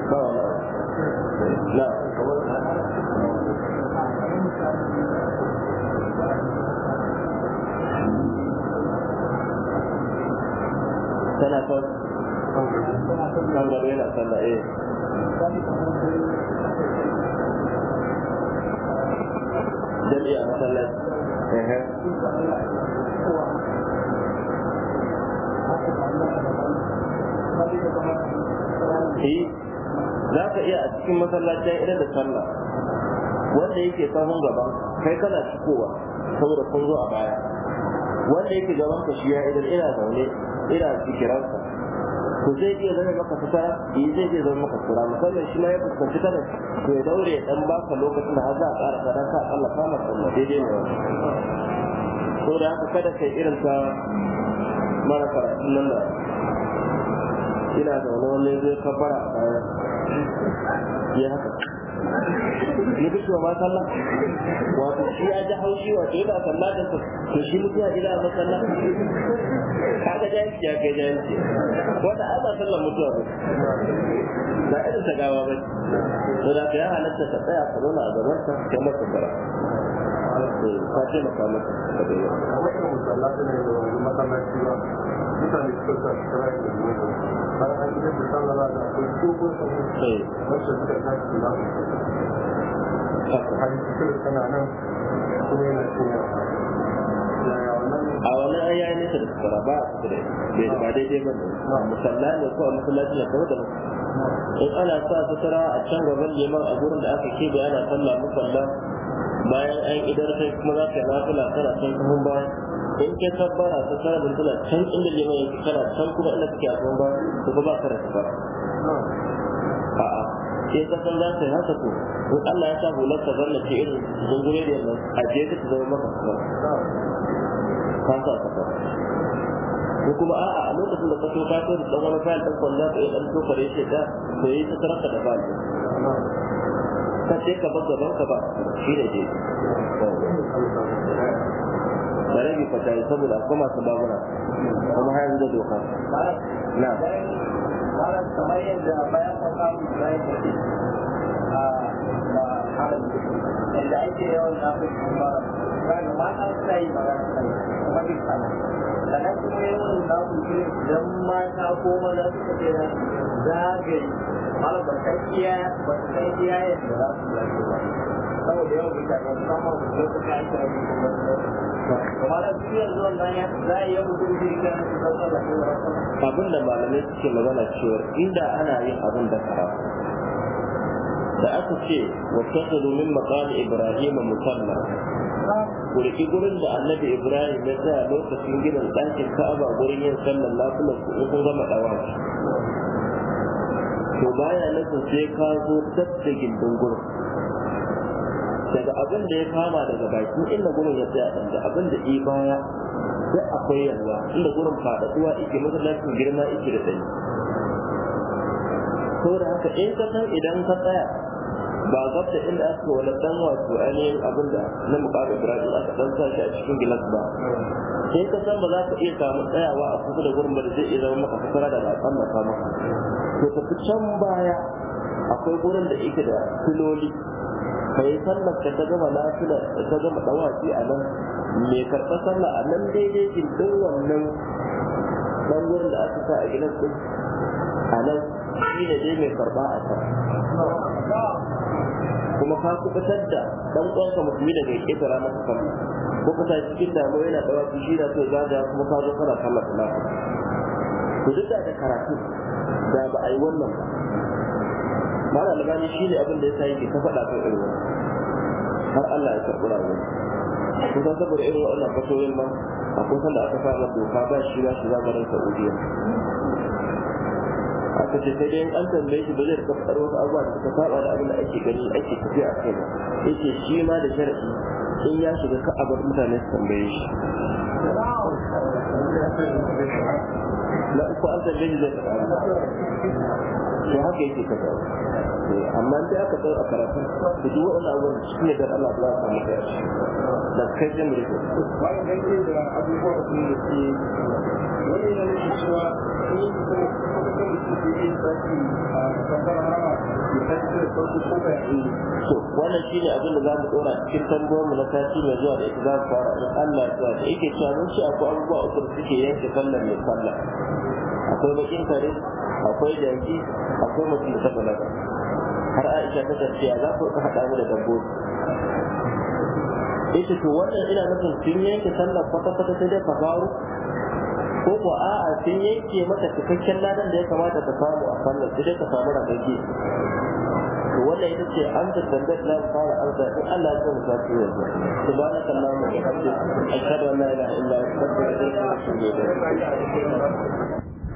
ba wala la tana kan kan gado yana sallah eh jami'a masallaci eh eh za ka iya a cikin masallacin idan da sallah wanda yake sahun gaban kai kana cikowa saboda kun zo a baya wanda yake gaban ka shi ya idan ina zaune ina cikiransa to zai iya zama maka fita yi eh, zai iya zama maka fura musamman shi ma ya fuskanci kada to ya daure ya dan baka lokacin da har za a ƙara tsara ka Allah kama sallah daidai ne ko da haka kada kai irin ta mara karatu nan da ina zaune wani zai kafara a baya ya haka ya fito ma sallah wato shi ya ji haushi wato ya ba sallah da to shi mutuwa ila a sallah kaga jayanci ya kai jayanci wata ai ba sallah mutuwa ba ba irin ta gawa ba to da ya halatta ka tsaya ka zauna a gaban ka kai masa bara ka ce maka maka ka bayyana kuma irin sallah ne da wani masallaci ba mutane suka tsaya wacce suka tashi da hannun tana nan kuma yana a wani an yayi nisa da sukara ba a sukare bai ba daidai ba ne musalla ne ko a masallaci na kawai da in ana sa su sukara a can gaban neman a gurin da aka kebe ana sallah musalla bayan an idar kai kuma za ka yi nafila kana can kuma bayan in ke tabbara sukara din tana can inda neman yake kana can kuma ina suke a kuma ba su ba ka da sukara a'a sai kasan za ta yi haka ko in Allah ya sa hular ta zanna ce irin zungure da yanzu a je ta zama maka kasar ka sa kasar ko kuma a'a a lokacin da ka so ka so da dan wani fayil ɗan kwanda ka yi ɗan tokare shi da to yi ta tarasa da fayil ka ce ka bar gaban ka ba shi da je da rabi fata saboda akwai masu babura kuma hayan yanzu da doka na malam kamar yadda bayan da kawo da ke ah, a halin yadda ake yawan na fi kuma kaga mata suna yi magana kai kuma duk sana sannan kuma yawan na ku ke dan mata ko maza suka ce na zagaye malam ba san iya ba san iya yadda za su lafiya abin da malamai suke magana cewar, inda ana yin abin da karatu da aka ce wa tattalu min maqami ibrahim musalla ku riki gurin da annabi ibrahim ya tsaya lokacin gidan ɗakin ka'aba gurin yin sallan lafilan ku in kun gama dawa to baya nasa sai ka zo tabda gindin gurin daga abin da ya kama daga baki inda gurin ya tsaya daga abin da i baya duk akwai yalwa inda gurin faɗaɗuwa yake masallacin girma yake da Ko da haka in ka san idan ka tsaya ba gabta inda aka wani dan wato ainihin abin da na mukarar ibrahim aka dan sa shi a cikin gilas ba sai ka san ba za ka iya samu tsayawa a kusa da gurin ba da zai iya zama maka fasara da ba a maka maka to tafi can baya akwai gurin da yake da filoli ka yi sallar ka ta gama nafila ta gama dawaki a nan mai karɓar sallah a nan daidai gindin wannan dan wurin da aka sa a gidan din a nan shi da dai mai karɓa a can kuma ka kubutar da dan uwanka musulmi daga yake tara masa sallah ko ka tashi cikin damu yana dawaki shi da so zaga kuma ka zo kana sallar ta nafila ku duk da karatu da ba a yi wannan ba ba da shi ne abin da ya sa yake ka faɗa kan irin har Allah ya karɓi rayuwa kusan saboda irin waɗannan fatoyin ba a kusan da aka fara doka ba shi ba shi zagarin Saudiya aka ce sai dai an tambaye shi ba zai rika faɗar wasu abubuwa da suka saba da abin da ake gani ake tafiya a kai ba yake shi ma da sharaɗi in ya shiga ka a bar mutane su tambaye shi na uku an tambaye shi zai faɗa to haka yake kaza eh, amma sai aka tsaya a karatu da duk waɗannan abubuwan da cikin yadda Allah ba su maka yashi da kai jin rike bayan da yake da abubuwa da kuma yake wani yana nufin cewa ni kuma kuma kan mutum ke yi tsaki a kasar harama ya tashi da sauki ko ba yi to wannan shine abin da za mu ɗora cikin tambayar mu na tashi mai zuwa da ita za mu fara in Allah ya tsaya da yake cewa mun ce akwai abubuwa uku da suke yanke sallar mai sallah akwai bakin kare akwai jaki akwai mutum da ta balaga har aisha ta tafiya za ku haɗa mu da dabbobi yace to wannan ina nufin sun yanke sallar kwata-kwata sai dai faru ko ko a'a sun yanke mata cikakken ladan da ya kamata ka samu a sallar sai dai ka samu ragage to wannan ita ce an ta tambayar na fara an sa in Allah ya sa su yanzu subhanallahi wa bihamdihi ashhadu an la ilaha illa anta astaghfiruka wa atubu ilayk